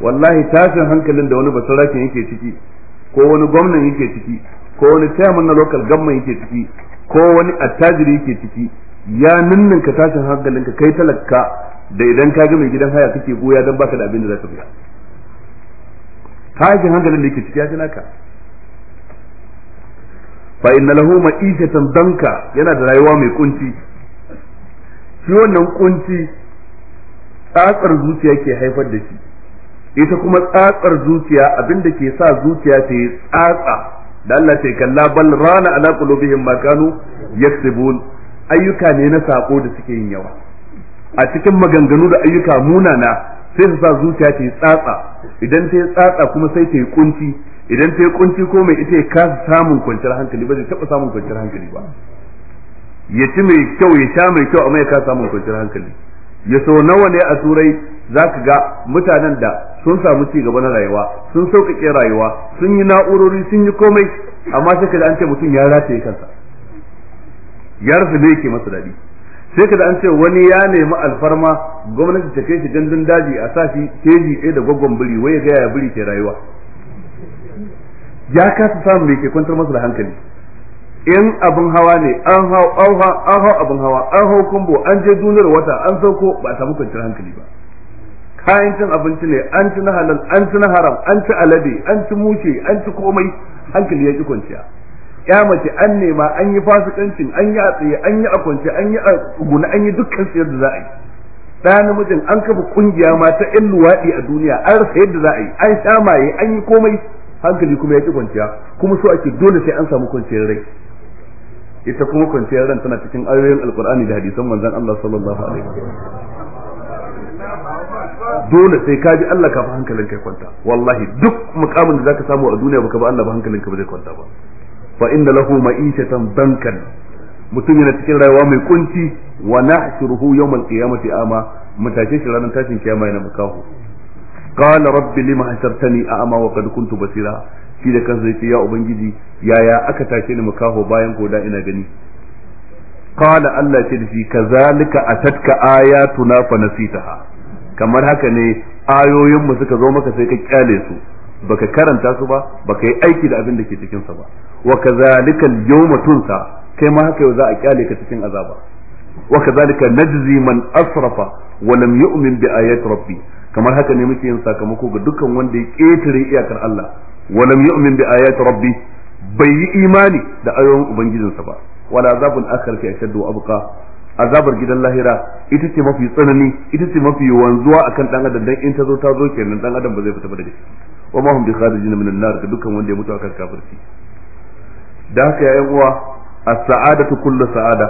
wallahi tashin hankalin da wani basarakin yake ciki ko wani gwamnan yake ciki ko wani chairman na local government yake ciki ko wani attajiri yake ciki ya ninninka tashin ka kai talaka da idan ka ga mai gidan haya kake goya dan baka da abin da zaka biya tashin hankalin da yake ciki ya fi naka fa inna lahu ma'ishatan danka yana da rayuwa mai kunci shi wannan kunci tsatsar zuciya ke haifar da shi ita kuma tsatsar zuciya abinda ke sa zuciya ta yi tsatsa da Allah ce kalla bal rana ala qulubihim ma kanu yaksubun ayyuka ne na sako da suke yin yawa a cikin maganganu da ayyuka munana sai su sa zuciya ta yi tsatsa idan ta yi tsatsa kuma sai ta yi kunci idan ta yi kunci ko mai ita ya kasa samun kwanciyar hankali ba zai taɓa samun kwanciyar hankali ba ya ci mai kyau ya sha mai kyau amma ya kasa samun kwanciyar hankali ya so nawa ne a turai za ka ga mutanen da sun samu ci gaba na rayuwa sun sauƙaƙe rayuwa sun yi na'urori sun yi komai amma sai da an ce mutum ya rataye kansa ya rasa me yake masa daɗi sai da an ce wani ya nemi alfarma gwamnati ta kai shi dandun daji a sa shi keji ɗaya da gwaggon biri wai ya gaya biri ke rayuwa ya kasa samun me ke kwantar masa da hankali in abin hawa ne an hau an hau abin hawa an hau kumbo an je dunar wata an sauko ba samu kwanciyar hankali ba kayan cin abinci ne an ci na halal an ci na haram an ci alade an ci mushe an ci komai hankali ya ki kwanciya ya mace an nema an yi fasikancin an yi a tsaye an yi a kwance an yi a guna an yi dukkan siyar da za a yi ɗaya namijin an kafa kungiya ma ta in luwaɗi a duniya an rasa yadda za a yi an sha maye an yi komai hankali kuma ya ki kwanciya kuma so ake dole sai an samu kwanciyar rai ita kuma kwanciyar ran tana cikin ayoyin alkur'ani da hadisan manzon Allah sallallahu alaihi dole sai ka bi Allah kafin hankalin kai kwanta wallahi duk mukamin da zaka samu a duniya baka ba Allah ba hankalin ka ba zai kwanta ba fa inna lahu ma'ishatan dankan mutum yana cikin rayuwa mai kunci wa nahshuruhu yawmal qiyamati ama mutace shi ranar tashin kiyama yana makaho. qala rabbi lima hasartani a'ama wa qad kuntu basira shi da kansa yace ya ubangiji yaya aka tashi ni makaho bayan ko ina gani qala Allah ce da shi kazalika atatka ayatuna fa nasitaha kamar haka ne ayoyin mu suka zo maka sai ka kyale su baka karanta su ba baka yi aiki da abin da ke cikin sa ba wa kazalika al-yawma tunsa kai ma haka yau za a kyale ka cikin azaba wa kazalika najzi man asrafa wa lam yu'min bi ayati rabbi kamar haka ne muke yin sakamako ga dukkan wanda ya ketare iyakar Allah walam yu'min bi ayati rabbi bai yi imani da ayoyin ubangijinsa ba wala azabul akhirati ashaddu abqa azabar gidan lahira ita ce mafi tsanani ita ce mafi wanzuwa akan dan adam dan in ta zo ta zo kenan dan adam ba zai fita ba daga wa ma hum bi kharijin minan da dukkan wanda ya mutu akan kafirci da haka yayin uwa as-sa'adatu kullu sa'ada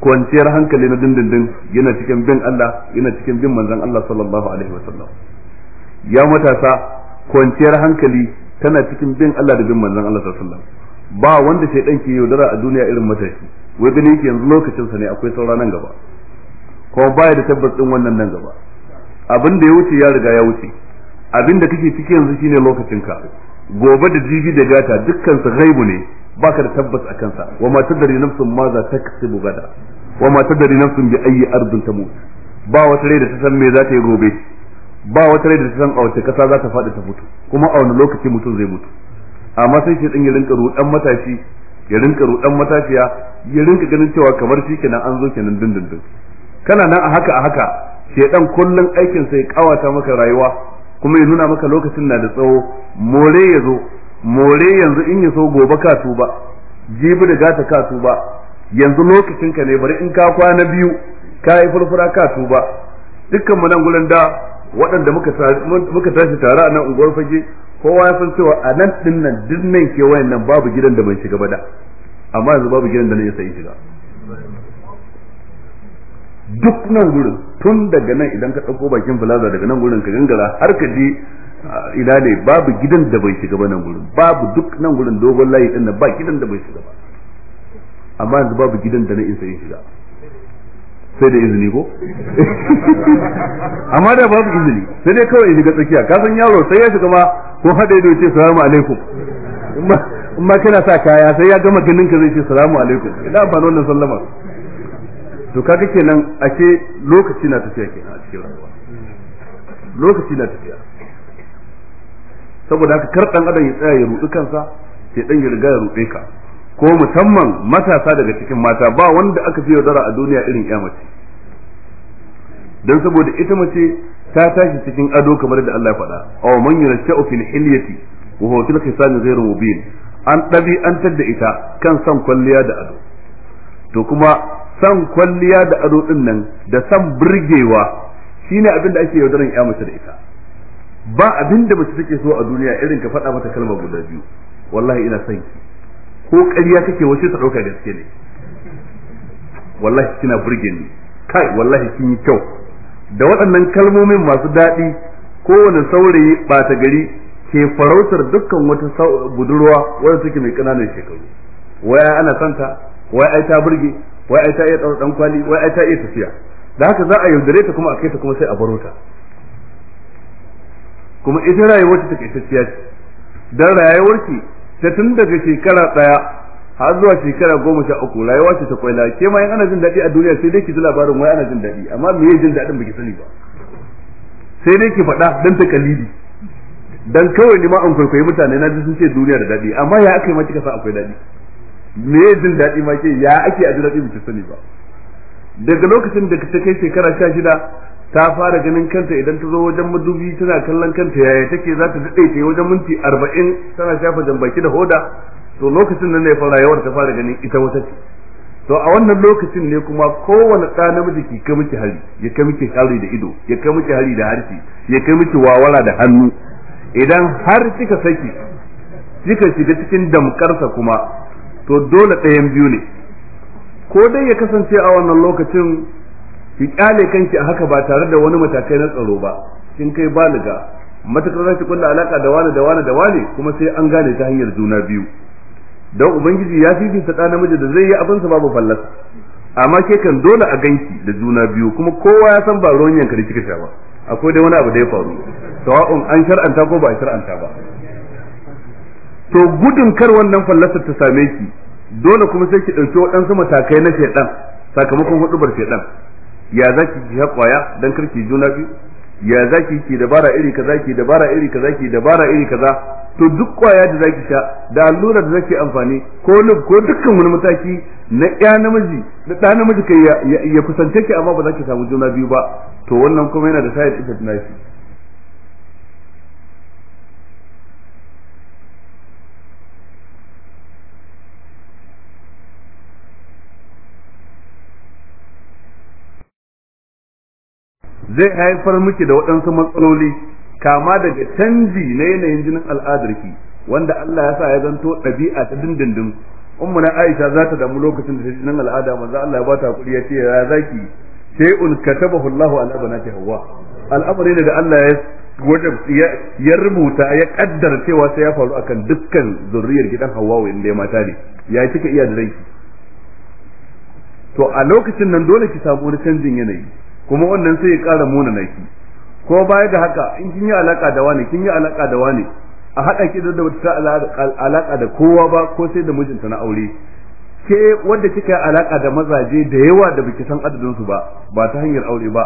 kwanciyar hankali na dindindin yana cikin bin Allah yana cikin bin manzon Allah sallallahu alaihi wasallam ya matasa kwanciyar hankali tana cikin bin Allah da bin manzon Allah sallallahu alaihi wasallam ba wanda sai dan ke yaudara a duniya irin mataki wai gani yake yanzu lokacin sa ne akwai saura nan gaba ko baya da tabbas din wannan nan gaba abin da ya wuce ya riga ya wuce abin da kake ciki yanzu shine lokacin ka gobe da jibi da gata dukkan su ghaibu ne baka da tabbas a kansa wa ma tadri nafsun ma za taksubu gada wa ma tadri nafsun bi ayi ardin tamut ba wata rai da ta san me za ta yi gobe ba wata rai da ta san a wace kasa za ta faɗi ta mutu kuma a wani lokaci mutum zai mutu amma sai shi din ya rinka rudan matashi ya rinka rudan matashiya ya rinka ganin cewa kamar shi kenan an zo kenan dindindin kana nan a haka a haka dan kullun aikin sai kawata maka rayuwa kuma ya nuna maka lokacin na da tsawo more ya zo more yanzu in ya so gobe ka tuba jibi da gata ka tuba yanzu lokacin ka ne bari in ka kwana biyu ka yi furfura ka tuba dukkan mu nan gurin da waɗanda muka tashi tare a nan unguwar fage kowa ya san cewa a nan din nan duk nan kewayen nan babu gidan da bai shiga ba da amma yanzu babu gidan da na ya sayi shiga duk nan gurin tun daga nan idan ka ɗauko bakin plaza daga nan gurin ka gangara har ka je ina ne babu gidan da bai shiga ba nan gurin babu duk nan gurin dogon layi din nan ba gidan da bai shiga ba amma yanzu babu gidan da na isa sayi shiga sai da izini ko amma da babu izini sai dai kawai shiga tsakiya ka san yaro sai ya shiga ma ko hada ido ce salamu alaikum in ma kana sa kaya sai ya gama ganin ka zai ce salamu alaikum idan amfani wannan sallama to kaga kenan ake lokaci na tafiya ke a cikin rayuwa lokaci na tafiya saboda haka kar dan adam ya tsaya ya rudu kansa sai dan ya riga ya rube ka ko musamman matasa daga cikin mata ba wanda aka fi yaudara a duniya irin ya mace don saboda ita mace ta tashi cikin ado kamar da Allah ya faɗa aw man yunashau fil hilyati wa huwa fil khisan ghayr mubin an dabi an tadda ita kan san kwalliya da ado to kuma san kwalliya da ado din nan da san burgewa shine abin da ake yaudaran ya mace da ita ba abin da mace take so a duniya irin ka faɗa mata kalma guda biyu wallahi ina son ko ƙarya kake wace ta ɗauka gaske ne wallahi kina burge ni kai wallahi kin yi kyau da waɗannan kalmomin masu daɗi kowane saurayi ɓata gari ke farautar dukkan wata budurwa wadda take mai ƙananan shekaru waya ana santa waya ai ta burge waya ai ta iya tsaro dan kwali waya ai ta iya tafiya da haka za a yaudare ta kuma a kai ta kuma sai a baro ta kuma ita rayuwar ta take ce dan rayuwar ki ta tun daga shekara ɗaya har zuwa shekara goma sha uku rayuwa ce ta kwaila ke ma in ana jin daɗi a duniya sai dai ki ji labarin wai ana jin daɗi amma me jin daɗin baki sani ba sai dai ki faɗa dan ta kalili dan kawai ni ma an kwaikwayi mutane na ji sun ce duniya da daɗi amma ya aka yi ma kika sa akwai daɗi me jin daɗi ma ke ya ake a ji daɗi baki sani ba daga lokacin da ta kai shekara sha shida ta fara ganin kanta idan ta zo wajen madubi tana kallon kanta yaya take za ta daɗe ta wajen minti arba'in tana shafa jambaki da hoda to lokacin nan ne fa rayuwar ta fara ganin ita wata ce to a wannan lokacin ne kuma kowane ɗa namiji ke kai miki hali ya kai miki hali da ido ya kai miki hali da harshe ya kai miki wawala da hannu idan har kika saki kika shiga cikin damkarsa kuma to dole ɗayan biyu ne ko dai ya kasance a wannan lokacin ki kyale kanki a haka ba tare da wani matakai na tsaro ba kin kai baliga matakar za ki kulla alaka da wani da wani da wani kuma sai an gane ta hanyar juna biyu don ubangiji ya ta ɗa namiji da zai yi abin sa babu fallasa amma ke kan dole a ganki da juna biyu kuma kowa ya san ba ruwan yanka da kika sha ba akwai dai wani abu da ya faru sawa'un an shar'anta ko ba a shar'anta ba to gudun kar wannan fallasar ta same ki dole kuma sai ki ɗauki waɗansu matakai na shaidan sakamakon hudubar shaidan ya zaki ki haƙwaya dan karki juna biyu ya zaki ki dabara iri kaza ki dabara iri kaza ki dabara iri kaza to duk kwaya da zaki sha da allura da zaki amfani ko lub ko dukkan wani mataki na ya namiji da ɗa namiji kai ya kusance ki amma ba za ki samu juna biyu ba to wannan kuma yana da side ita na shi zai haifar miki da waɗansu matsaloli kama daga canji na yanayin jinin al'adarki wanda Allah ya sa ya zanto ɗabi'a ta dindindin umma na Aisha za ta damu lokacin da ta jinin al'ada manzo Allah ya ba ta ya ce ya zaki shay'un katabahu Allahu ala banati Hawwa al'amari ne da Allah ya wajen ya rubuta ya kaddar cewa sai ya faru akan dukkan zurriyar gidan Hawwa inda ya mata ne ya kika iya da ranki to a lokacin nan dole ki samu wani canjin yanayi kuma wannan sai ya ƙara muna naki ko baya da haka in kin yi alaka da wani kin yi alaka da wani a haɗa ki da wata alaka da kowa ba ko sai da mijinta na aure ke wanda kika yi alaka da mazaje da yawa da baki san adadin su ba ba ta hanyar aure ba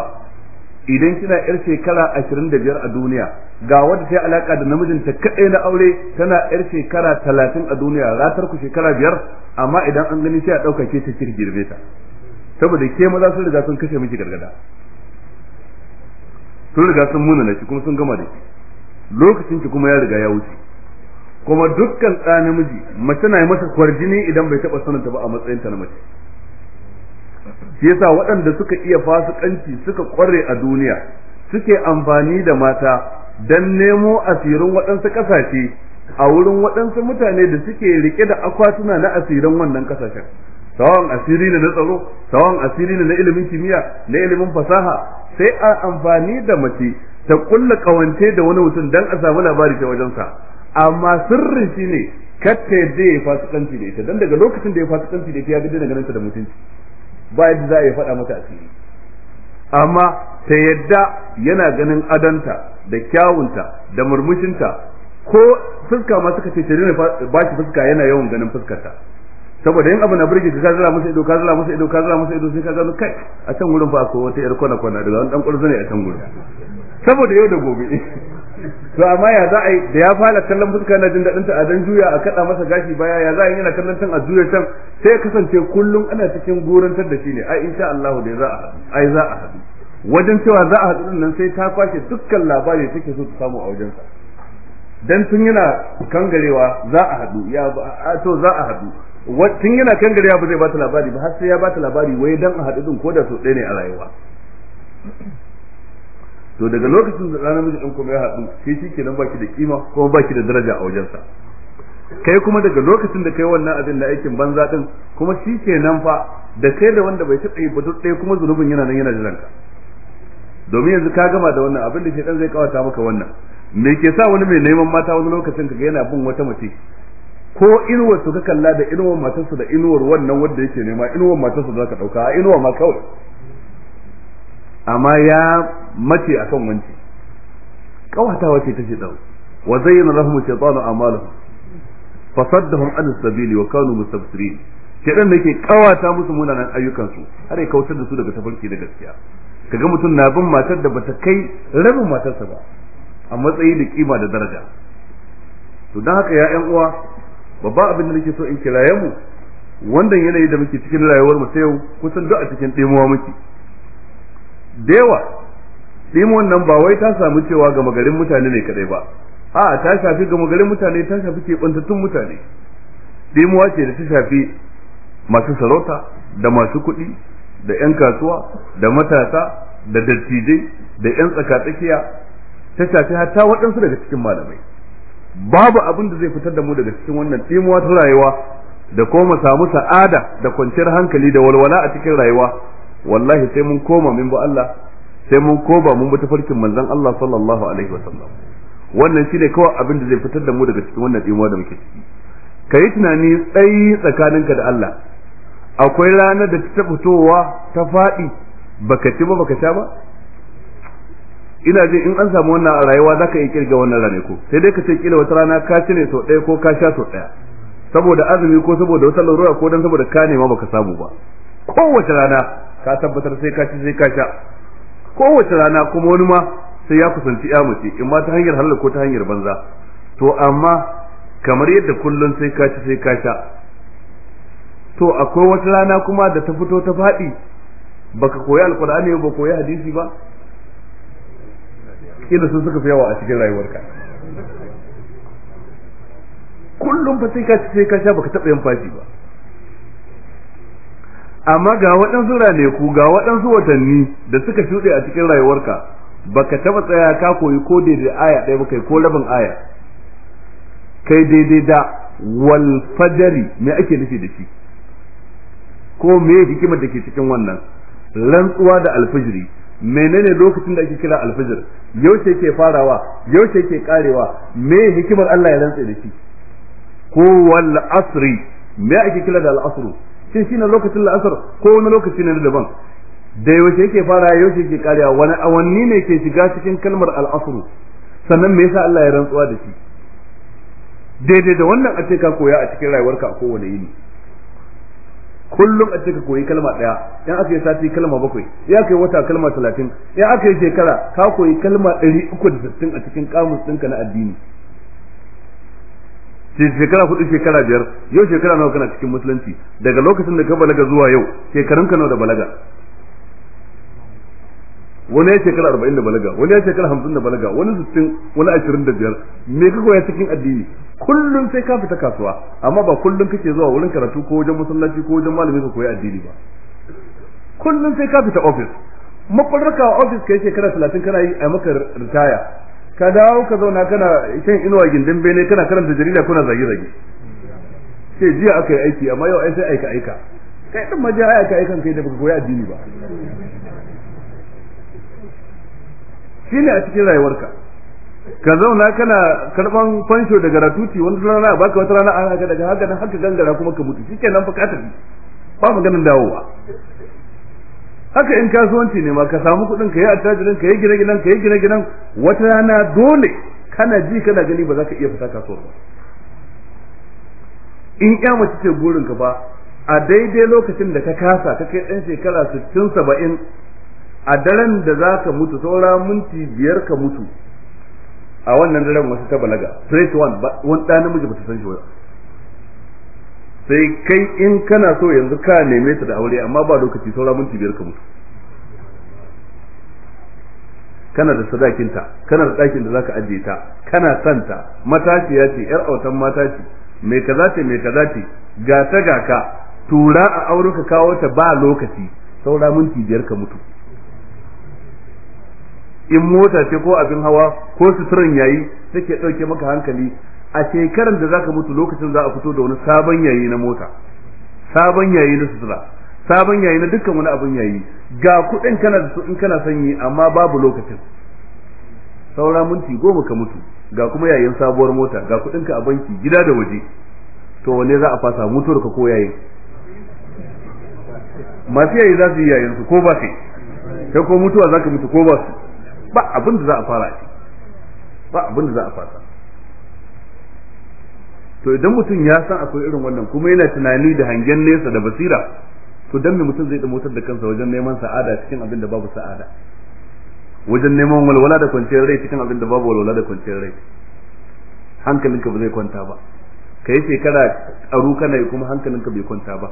idan kina yar shekara 25 a duniya ga wanda ta yi alaka da namijinta kadai na aure tana yar shekara 30 a duniya ratar ku shekara biyar amma idan an gani sai a dauka ke ta kirgirbe ta saboda ke maza sun riga sun kashe miki gargada sun riga sun munana shi kuma sun gama da shi lokacin ki kuma ya riga ya wuce kuma dukkan ɗa namiji mace na yi masa kwarjini idan bai taɓa sananta ba a matsayin ta na mace shi yasa waɗanda suka iya fasikanci suka kware a duniya suke amfani da mata dan nemo asirin waɗansu ƙasashe a wurin waɗansu mutane da suke rike da akwatuna na asirin wannan ƙasashen sawan asiri ne na tsaro sawan asiri ne na ilimin kimiyya na ilimin fasaha sai a amfani da mace ta kulla kawance da wani mutum dan a samu labari ta wajensa amma sirrin shi ne katta yadda ya fasikanci da ita dan daga lokacin da ya fasikanci da ita ya gaji ganin da mutunci ba yadda za a yi faɗa mata asiri amma ta yadda yana ganin adanta da kyawunta da murmushinta ko fuska ma suka ce ta ba shi fuska yana yawan ganin fuskarta saboda yin abu na burge ka zira musu ido ka zira musu ido ka zira musu ido sai ka gano kai a can gurin fa ko wata yar kwana kwana daga wani dan kurzo ne a can gurin saboda yau da gobe to amma ya za a yi da ya fara kallon fuska na jin dadin ta a dan juya a kaɗa masa gashi baya ya za a yi yana kallon tan a juya tan sai ya kasance kullum ana cikin gurantar da shi ne ai insha Allah da za a ai za a haɗu wajen cewa za a haɗu nan sai ta kwashe dukkan labari take so ta samu a wajen dan tun yana kangarewa za a haɗu ya to za a haɗu tun yana kan gari ba zai bata labari ba har sai ya bata labari wai dan a haɗu din ko da so ɗaya ne a rayuwa to daga lokacin da ranar namiji kuma ya haɗu shi shi kenan baki da kima kuma baki da daraja a wajensa kai kuma daga lokacin da kai wannan abin da aikin banza din kuma shi kenan fa da kai da wanda bai taɓa yi ba duk ɗaya kuma zunubin yana nan yana jiran ka domin yanzu ka gama da wannan abin da shi zai kawata maka wannan me ke sa wani mai neman mata wani lokacin ka ga yana bin wata mace ko inuwar su ka kalla da inuwar matarsa da inuwar wannan wanda yake nema inuwar matarsa za ka ɗauka a inuwa ma kawai amma ya mace akan wanci kawatawa ce take dawo wa zayyana lahum shaytanu a'malahum fasaddahum an sabili wa kanu mustabsirin shedan da yake kawata musu munanan ayyukan su har ya kautar da su daga tafarki da gaskiya kaga mutum na bin matar da bata kai rabin matarsa ba a matsayi da kima da daraja to dan haka ya 'yan uwa babban abin da nake so in kiraye mu wannan yanayi da muke cikin rayuwar mu ta yau kusan duk a cikin dimuwa muke da yawa nan ba wai ta samu cewa gama garin mutane ne kadai ba a ta shafi gama garin mutane ta shafi bantattun mutane dimuwa ce da ta shafi masu sarauta da masu kuɗi da 'yan kasuwa da matasa da dattijai da 'yan tsakatsakiya ta shafi hatta waɗansu daga cikin malamai babu abin da zai fitar da mu daga cikin wannan tsimuwa ta rayuwa da koma samu sa'ada da kwanciyar hankali da walwala a cikin rayuwa wallahi sai mun koma min ba Allah sai mun koba mun bi tafarkin manzon Allah sallallahu alaihi wasallam wannan shine kawai abin da zai fitar da mu daga cikin wannan tsimuwa da muke ciki kai tunani tsayi tsakaninka da Allah akwai ranar da ta fitowa ta faɗi baka ci ba baka sha ba ina jin in an samu wannan a rayuwa ka iya kirga wannan ko sai dai ka ce kila wata rana ka ci ne sau ɗaya ko ka sha sau ɗaya saboda azumi ko saboda wata larura ko dan saboda ka nema baka samu ba kowace rana ka tabbatar sai ka ci sai ka sha kowace rana kuma wani ma sai ya kusanci ya mace in ma ta hanyar halal ko ta hanyar banza to amma kamar yadda kullun sai ka ci sai ka sha to akwai wata rana kuma da ta fito ta faɗi baka koyi alkur'ani ba koyi hadisi ba kila sun suka fi yawa a cikin rayuwarka kullum fa sai ka ci sai ka sha baka taɓa yin fashi ba amma ga waɗansu ranaku ga waɗansu watanni da suka shuɗe a cikin rayuwarka baka taɓa tsaya ka koyi ko daidai aya ɗaya ba kai ko rabin aya kai daidai da wal fajari me ake nufi da shi ko me hikimar da ke cikin wannan rantsuwa da alfijiri menene lokacin da ake kira alfijir yaushe ke farawa yaushe ke karewa me hikimar Allah ya rantsa da shi ko wal asri me ake kira da al asru shin shine lokacin la'asar ko wani lokaci ne daban da yaushe yake fara yaushe ke karewa wani awanni ne ke shiga cikin kalmar al asru sannan me yasa Allah ya rantsuwa da shi daidai da wannan a ka koya a cikin rayuwarka a kowane yini kullum a ce ka koyi kalma daya in aka yi sati kalma bakwai ya kai wata kalma talatin in aka yi shekara ka koyi kalma ɗari uku da sittin a cikin kamus ɗinka na addini shekara hudu shekara biyar yau shekara nawa kana cikin musulunci daga lokacin da ka balaga zuwa yau shekarun ka nawa da balaga wani ya shekara arba'in da balaga wani ya shekara hamsin da balaga wani sittin wani ashirin da biyar me ka koya cikin addini kullum sai ka fita kasuwa amma ba kullum kake zuwa wurin karatu ko wajen masallaci ko wajen malami ka koyi addini ba kullum sai ka fita office makwarraka a office kai shekara 30 kana yi a maka ritaya ka dawo ka zauna kana shan inuwa gindin bene kana karanta jarida kuna zage zage sai jiya aka yi aiki amma yau sai aika aika kai din maje aya aika aikan kai da baka koyi addini ba shine a cikin rayuwarka ka zauna kana karban fansho daga ratuti wani rana a baka wata rana a haka daga haka haka gangara kuma ka mutu nan fa ba tafi ba maganin dawowa haka in kasuwanci ne ma ka samu kuɗin ka yi attajirin ka yi gine ginen ka yi gine ginen wata rana dole kana ji kana gani ba za ka iya fita kasuwar ba in ya mace ce burin ka ba a daidai lokacin da ka kasa ka kai ɗan shekara sittin saba'in a daren da za ka mutu saura minti biyar ka mutu a wannan daren wasu ta balaga straight one wan ɗa namiji ba ta san shi ba sai kai in kana so yanzu ka neme ta da aure amma ba lokaci saura minti biyar ka mutu kana da sadakinta kana da ɗakin da zaka ajiye ta kana santa matashiya ce yar autan mata mai kaza ce mai kaza ce ga ta ga ka tura a aure ka kawo ta ba lokaci saura minti biyar ka mutu in mota ce ko abin hawa ko suturan yayi take dauke maka hankali a shekaran da zaka mutu lokacin za a fito da wani sabon yayi na mota sabon yayi na sutura sabon yayi na dukkan wani abin yayi ga kudin kana da su in kana sanyi amma babu lokacin saura minti goma ka mutu ga kuma yayin sabuwar mota ga kudin ka a banki gida da waje to wanne za a fasa mutuwar ka ko yayin masu yayi za su yi yayin su ko ba sai? ko mutuwa za ka mutu ko ba su ba abin da za a fara shi ba abin da za a fasa to idan mutum ya san akwai irin wannan kuma yana tunani da hangen nesa da basira to dan me mutum zai da motar da kansa wajen neman sa'ada cikin abin da babu sa'ada wajen neman walwala da kwanciyar rai cikin abin da babu walwala da kwanciyar rai hankalinka ba zai kwanta ba kai shekara tsaro kana yi kuma hankalinka bai kwanta ba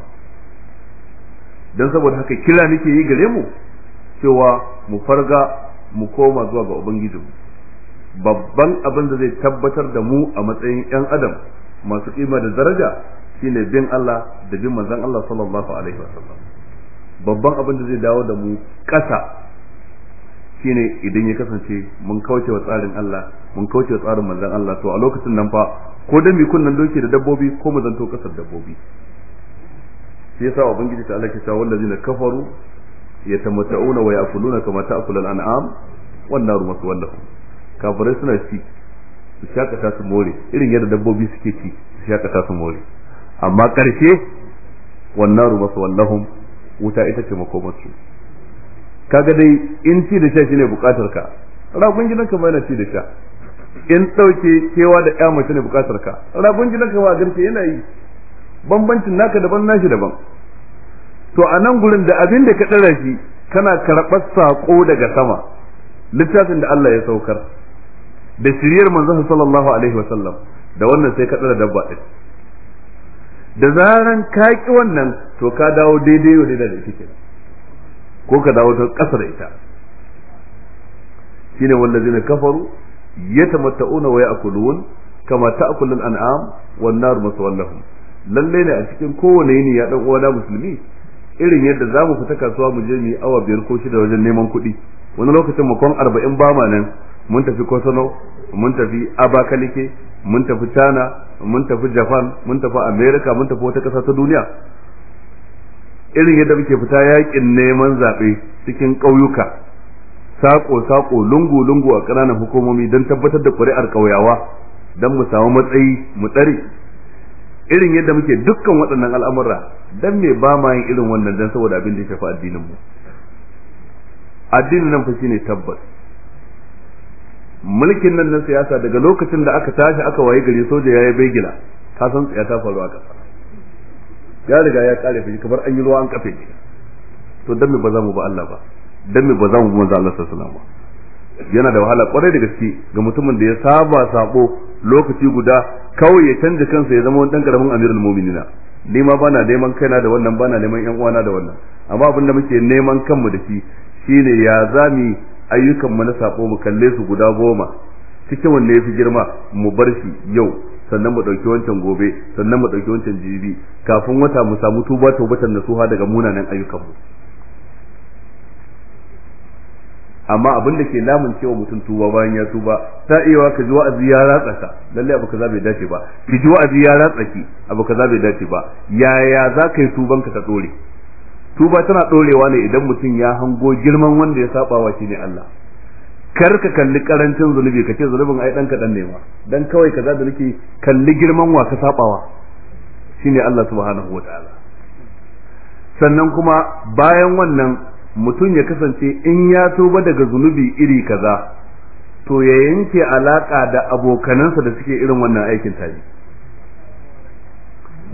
don saboda haka kira nake yi gare mu cewa mu farga mu koma zuwa ga ubangijinmu babban abin da zai tabbatar da mu a matsayin yan adam masu kima da daraja shine bin Allah da bin manzon Allah sallallahu alaihi wasallam babban abin da zai dawo da mu ƙasa shine idan ya kasance mun kauce wa tsarin Allah mun kauce wa tsarin manzon Allah to a lokacin nan fa ko da mi kunnan doki da dabbobi ko mu zanto kasar dabbobi sai yasa ubangiji ta Allah ke cewa wallazina kafaru yatamatta'una wa ya'kuluna kama ta'kulu al-an'am wan naru maswal lahum kafirai suna ci su shakata su more irin yadda dabbobi suke ci su shakata su more amma karshe wan naru maswal lahum wuta ita ce makomarsu kaga dai in ci da sha ne bukatar ka ragun gidan ka yana ci da sha in dauke kewa da ya mace ne bukatar ka ragun gidan ka ba garke yana yi bambancin naka daban nashi daban to a nan gurin da abin da ka tsara shi kana karɓar saƙo daga sama littafin da Allah ya saukar da shiriyar manzon sallallahu alaihi wa sallam da wannan sai ka tsara dabba din da zaran ka ki wannan to ka dawo daidai wa da kike ko ka dawo ta kasar ita shine wallazina kafaru yatamatta'una wa ya'kulun kama ta'kulul an'am wan nar masawallahum lalle ne a cikin kowane yini ya dan uwa musulmi irin yadda za mu fita kasuwa mu je mu awa biyar ko shida wajen neman kuɗi wani lokacin mu kon arba'in ba ma nan mun tafi kosono mun tafi abakalike mun tafi china mun tafi japan mun tafi america mun tafi wata ƙasa ta duniya irin yadda muke fita yakin neman zaɓe cikin ƙauyuka sako-sako lungu-lungu a ƙananan hukumomi don tabbatar da ƙuri'ar ƙauyawa don mu samu matsayi mu tsare irin yadda muke dukkan waɗannan al'amura dan me ba ma yin irin wannan dan saboda abin da ya shafi addinin mu addinin nan fa shine tabbas mulkin nan na siyasa daga lokacin da aka tashi aka waye gari soja yayi begila ka san tsaya ta faru a ƙasa ya riga ya kare fi kamar an yi ruwa an kafe to dan me ba za mu ba Allah ba dan me ba za mu ba manzo Allah sallallahu alaihi wasallam yana da wahala kwarai da gaske ga mutumin da ya saba sako lokaci guda kawai ya canza kansa ya zama wani dan karamin amirul mu'minina ni ma bana neman kaina da wannan bana neman yan uwana da wannan amma abin da muke neman kanmu da shi shine ya zami ayyukan mu na sako mu kalle su guda goma cikin wanne yafi girma mu bar shi yau sannan mu dauki wancan gobe sannan mu dauki wancan jibi kafin wata mu samu tuba tubatan nasuha daga munanan ayyukan mu amma abin da ke lamun cewa mutum tuba bayan ya tuba ta iya ka ji wa'azi ya ratsa ka lalle abu kaza bai dace ba ki ji wa'azi ya ratsa ki abu kaza bai dace ba yaya za ka yi tuban ka ta dore tuba tana dorewa ne idan mutum ya hango girman wanda ya saba wa shi ne Allah kar ka kalli karancin zunubi ka ce zunubin ai dan kadan ne ma dan kawai kaza da nake kalli girman wa ka shi shine Allah subhanahu wataala sannan kuma bayan wannan mutum ya kasance in ya tuba daga zunubi iri kaza to ya yanke alaka da abokanansa da suke irin wannan aikin tare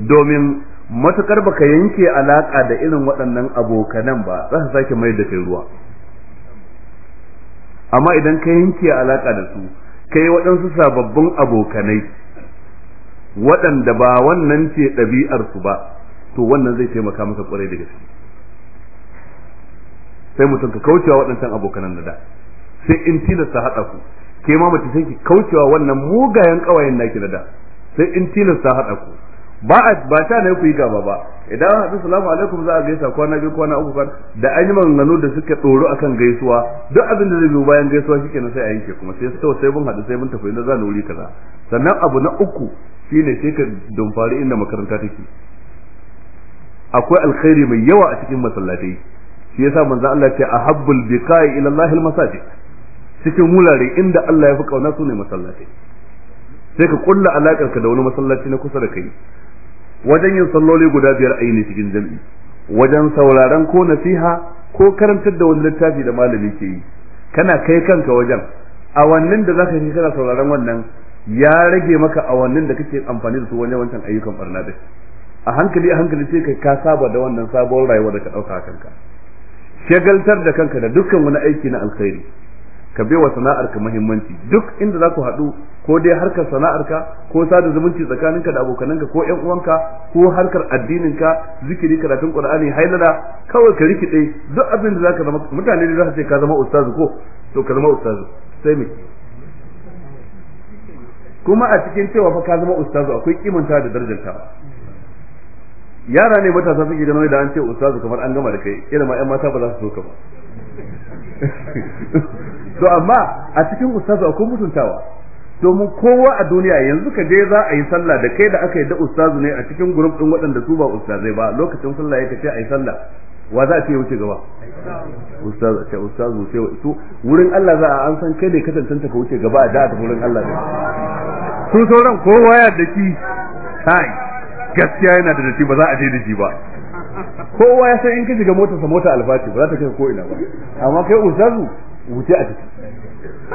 domin matukar baka yanke alaka da irin waɗannan abokanan ba za su sake mai da kai ruwa amma idan ka yanke alaka da su kai waɗansu sababbin abokanai waɗanda ba wannan ce ɗabi'arsu ba to wannan zai taimaka maka ƙwarai da gaske sai mutum ka kaucewa waɗancan abokanan da da sai in tilasta haɗa ku ke ma mace sai ki kaucewa wannan mugayen ƙawayen naki na da sai in tilasta haɗa ku ba a ba ta ne ku yi gaba ba idan an haɗu salamu alaikum za a gaisa kwana biyu kwana uku kwana da an yi maganganu da suka tsoro akan gaisuwa duk abin da zai biyu bayan gaisuwa na sai a yanke kuma sai sau sai mun haɗu sai mun tafi inda za wuri kaza sannan abu na uku shine sai ka dumfari inda makaranta take akwai alkhairi mai yawa a cikin masallatai shi yasa manzo Allah ce ahabbul biqa'i ila Allah masajid cikin wurare inda Allah ya fi kauna su ne sai ka kulla alakar ka da wani masallaci na kusa da kai wajen yin salloli guda biyar a cikin jam'i wajen sauraron ko nasiha ko karantar da wani littafi da malami ke yi kana kai kanka wajen awannin da zaka yi kana sauraron wannan ya rage maka awannin da kake amfani da su wajen wancan ayyukan barna a hankali a hankali sai ka saba da wannan sabuwar rayuwa da ka dauka kanka shagaltar da kanka da dukkan wani aiki na alkhairi ka bai wa sana'arka muhimmanci duk inda za ku haɗu ko dai harkar sana'arka ko sada zumunci tsakaninka da abokananka ko ƴan uwanka ko harkar addininka zikiri karatun qur'ani hailala kawai ka rikide duk abin da zaka zama mutane ne za ce ka zama ustazu ko to ka zama ustazu sai me kuma a cikin cewa fa ka zama ustazu akwai kimanta da darajarta yara ne matasa suke ganin da an ce ustazu kamar an gama da kai irin ma 'yan mata ba za su so ka ba to amma a cikin ustazu akwai mutuntawa domin kowa a duniya yanzu ka je za a yi sallah da kai da aka yi da ustazu ne a cikin gurup din waɗanda su ba ustazai ba lokacin sallah yake ce a yi sallah wa za a ce wuce gaba ustazu ce ustazu ce su wurin Allah za a an san kai ne kasantanta ka wuce gaba a da ta wurin Allah ne su sauran kowa ya daki kai gaskiya yana da datti ba za a je da shi ba kowa ya san in ka shiga motar sa mota albashi ba za ta kai ko ina ba amma kai ustazu wuce a ciki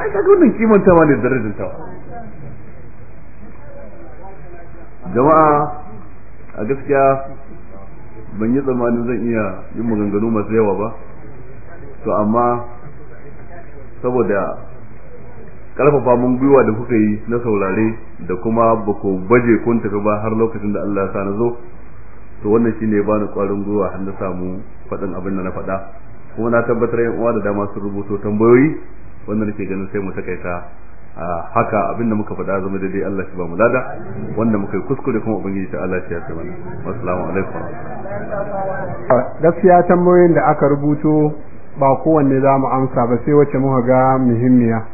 ai ka gudun kiman ma ne darajar ta jama'a a gaskiya ban yi tsammanin zan iya yin maganganu masu yawa ba to amma saboda karfafa mun gwiwa da kuka yi na saurare da kuma ba ku baje kun tafi ba har lokacin da Allah ya sa na zo to wannan shine ba ni kwarin gwiwa har na samu faɗin abin da na faɗa kuma na tabbatar yan uwa da dama sun rubuto tambayoyi wannan nake ganin sai mu takaita haka abin da muka faɗa zama daidai Allah shi ba mu lada wanda muka yi kuskure kuma ubangiji ta Allah shi ya ce mana assalamu alaikum gaskiya tambayoyin da aka rubuto ba kowanne za mu amsa ba sai wacce muka ga muhimmiya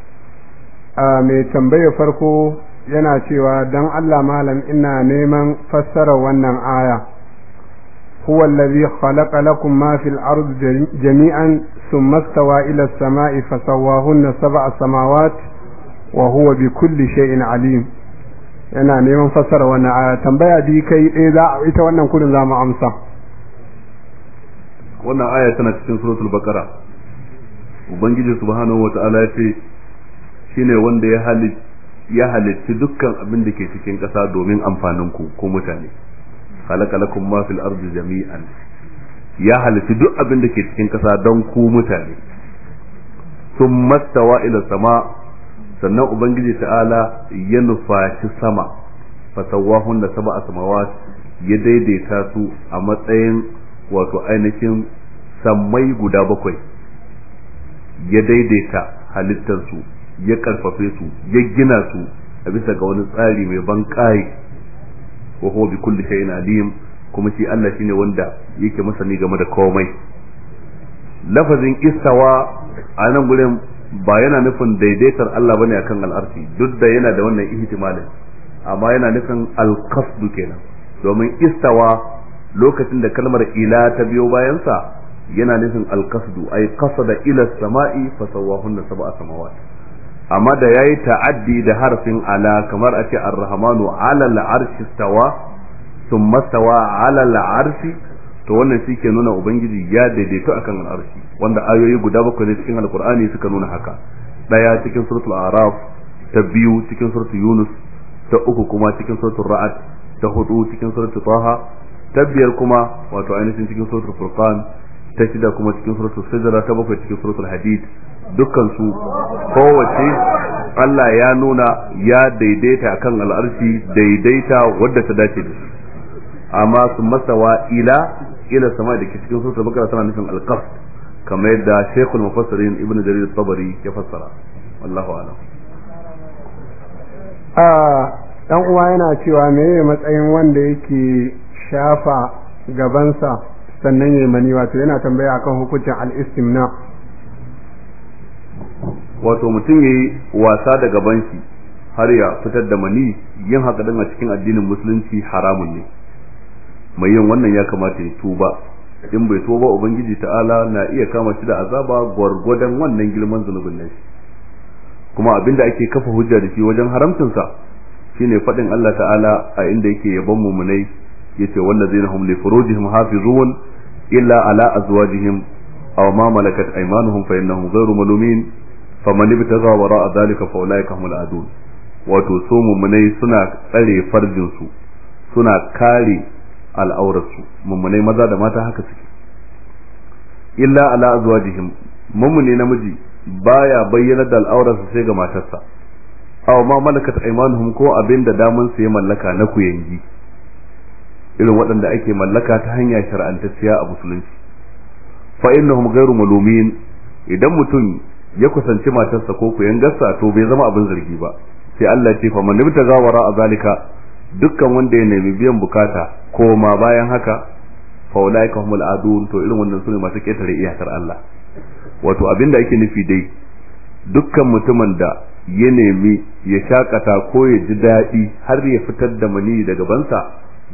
mai tambaya farko yana cewa don Allah malam ina neman fassara wannan aya huwa allazi khalaqa lakum ma fil ardi jami'an thumma stawa ila as-sama'i fasawwahunna sab'a samawati wa huwa bi kulli shay'in alim yana neman fassara wannan aya tambaya bi kai ɗaya eh, za ita wannan kudin za mu amsa wannan aya tana cikin suratul baqara ubangiji subhanahu wata'ala ya ce shine wanda ya halitta ya halitti dukkan abin da ke cikin ƙasa domin amfanin ku ko mutane halaka lakum ma fil ardi jami'an ya halitti duk abin da ke cikin ƙasa don ku mutane sun mastawa ila sama sannan ubangiji ta'ala ya nufaci sama fasawahun da sama a ya daidaita su a matsayin wato ainihin sammai guda bakwai ya daidaita halittar su. ya karfafe su ya gina su a bisa ga wani tsari mai ban kai wa huwa bi kulli shay'in alim kuma shi Allah shine wanda yake masani game da komai lafazin istawa a nan gurin ba yana nufin daidaitar Allah bane akan al'arshi duk da yana da wannan ihtimalin amma yana nufin al-qasd kenan domin istawa lokacin da kalmar ila ta biyo bayansa yana nufin al-qasd ay qasada ila samai sawahunna sab'a samawati amma da yayi ta'addi da harfin ala kamar a ce ar-rahmanu ala al-arshi stawa thumma stawa ala al-arshi to wannan shi ke nuna ubangiji ya daidaito akan al-arshi wanda ayoyi guda bakwai ne cikin alqur'ani suka nuna haka daya cikin suratul araf ta biyu cikin suratul yunus ta uku kuma cikin suratul ra'ad ta hudu cikin suratul taha ta biyar kuma wato ainihin cikin suratul furqan ta shida kuma cikin suratul sajdah ta bakwai cikin suratul hadid dukkan kowace Allah ya nuna ya daidaita kan al'arshi daidaita wadda ta dace da shi amma su masawa ila ila sama da ke cikin sosai bakar sana nufin alkaf kamar yadda shekul mafasirin ibn jarir tabari ya fassara wallahu a dan uwa yana cewa me ne matsayin wanda yake shafa gabansa sannan ya mani wato yana tambaya akan hukuncin al-istimna wato mutum yayi wasa da gaban shi har ya fitar da mani yin haka din a cikin addinin musulunci haramun ne mai yin wannan ya kamata ya tuba in bai tuba ubangiji ta'ala na iya kama shi da azaba gwargwadon wannan girman zunubin nan kuma abinda ake kafa hujja da shi wajen sa shine faɗin Allah ta'ala a inda yake yaban mumunai yace wallazina hum li furujihim hafizun illa ala azwajihim aw ma malakat aymanuhum fa innahum ghayru malumin faman ibtaga wara'a dhalika fa ulaika humul adun wato su mummunai suna tsare farjin su suna kare al'aurarsu mummunai maza da mata haka suke illa ala azwajihim mummune namiji baya bayyanar da al'aurarsa sai ga matarsa aw ma malakat aymanuhum ko abin da daman su ya mallaka na kuyangi irin waɗanda ake mallaka ta hanya shar'antacciya a musulunci fa innahum ghairu malumin idan mutum ya kusanci matarsa ko ku yangarsa to bai zama abin zargi ba sai Allah ce fa man ibtaga wara zalika dukkan wanda ya nemi biyan bukata ko ma bayan haka fa ulaika humul adun to irin wannan sune masu ketare iyakar Allah wato abin da ake nufi dai dukkan mutumin da ya nemi ya shakata ko ya ji daɗi har ya fitar da mani daga bansa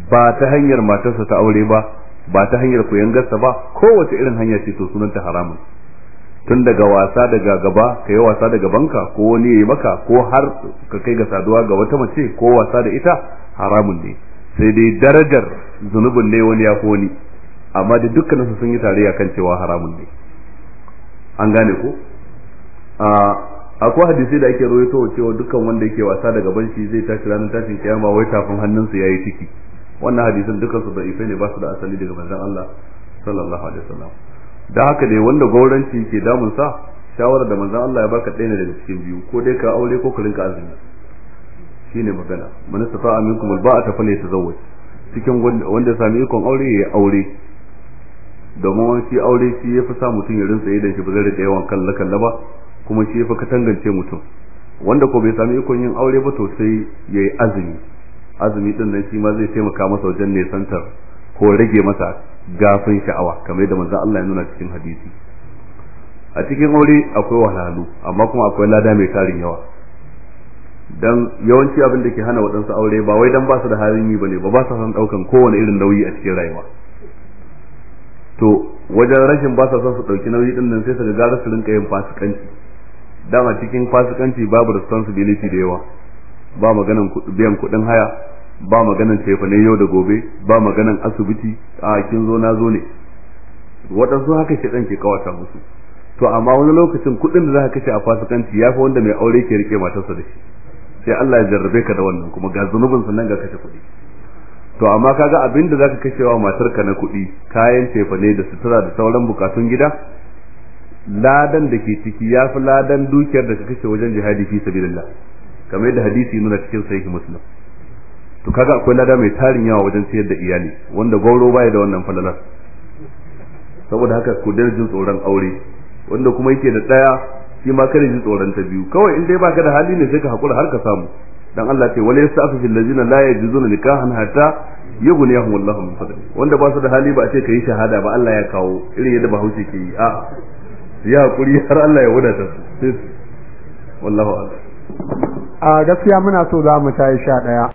ba ta hanyar matarsa ta aure ba ba ta hanyar koyon gasa ba kowace irin hanya ce to sunanta haramun tun daga wasa daga gaba ka yi wasa daga banka ko wani ya yi maka ko har ka kai ga saduwa ga wata mace ko wasa da ita haramun ne sai dai darajar zunubin ne wani ya wani amma da dukkanin sun yi tarayya kan cewa haramun ne an gane ko a akwai hadisi da ake rawaito cewa dukkan wanda yake wasa daga banki zai tashi ranar tashin kiyama wai tafin hannunsa yayi ciki wannan hadisin dukkan su da'ifai ne ba su da asali daga manzon Allah sallallahu alaihi wasallam da haka dai wanda gauranci ke damun sa shawara da manzon Allah ya baka ɗaya ne daga cikin biyu ko dai ka aure ko ka rinka azumi shine magana man istata'a minkum alba'ata falyatazawwaj cikin wanda ya sami ikon aure ya aure domin wani shi aure shi ya fi sa mutum ya rinsa idan shi ba zai rika yawan kalla kalla ba kuma shi ya fi katangance mutum wanda ko bai sami ikon yin aure ba to sai ya yi azumi azumi din nan shi ma zai taimaka masa wajen nesantar ko rage masa gafin sha'awa kamar yadda manzon Allah ya nuna cikin hadisi a cikin aure akwai wahalhalu amma kuma akwai lada mai tarin yawa dan yawanci abin da ke hana waɗansu aure ba wai dan ba su da halin yi bane ba ba sa san daukan kowane irin nauyi a cikin rayuwa to wajen rashin ba sa son su ɗauki nauyi din nan sai su ga gara su rinka yin fasikanci a cikin fasikanci babu responsibility da yawa ba maganan biyan kuɗin haya ba maganan ne yau da gobe ba maganan asibiti a kin zo na zo ne waɗansu haka ke ɗan ke kawata musu to amma wani lokacin kuɗin da za ka kashe a fasikanci ya fi wanda mai aure ke rike matarsa da shi sai Allah ya jarrabe ka da wannan kuma ga zunubin sannan ga kashe kuɗi to amma kaga abin da zaka kashe wa matarka na kuɗi kayan ne da sutura da sauran bukatun gida ladan da ke ciki ya fi ladan dukiyar da ka kashe wajen jihadi fi sabilillah kamar yadda hadisi nuna cikin sahih muslim to kaga akwai lada mai tarin yawa wajen ciyar da iyali wanda gauro baya da wannan falalar saboda haka ku dare jin tsoron aure wanda kuma yake da daya shi ma kare jin tsoron ta biyu kawai in dai baka da hali ne sai ka hakura har ka samu dan Allah ce wala yasafu fil ladina la yajuzuna nikahan hatta yughniyahum Allahu min fadli wanda ba su da hali ba a ce kai shahada ba Allah ya kawo irin yadda Bahaushe ke yi a ya hakuri har Allah ya wadata su wallahu a'lam a gaskiya muna so za mu tayi sha ɗaya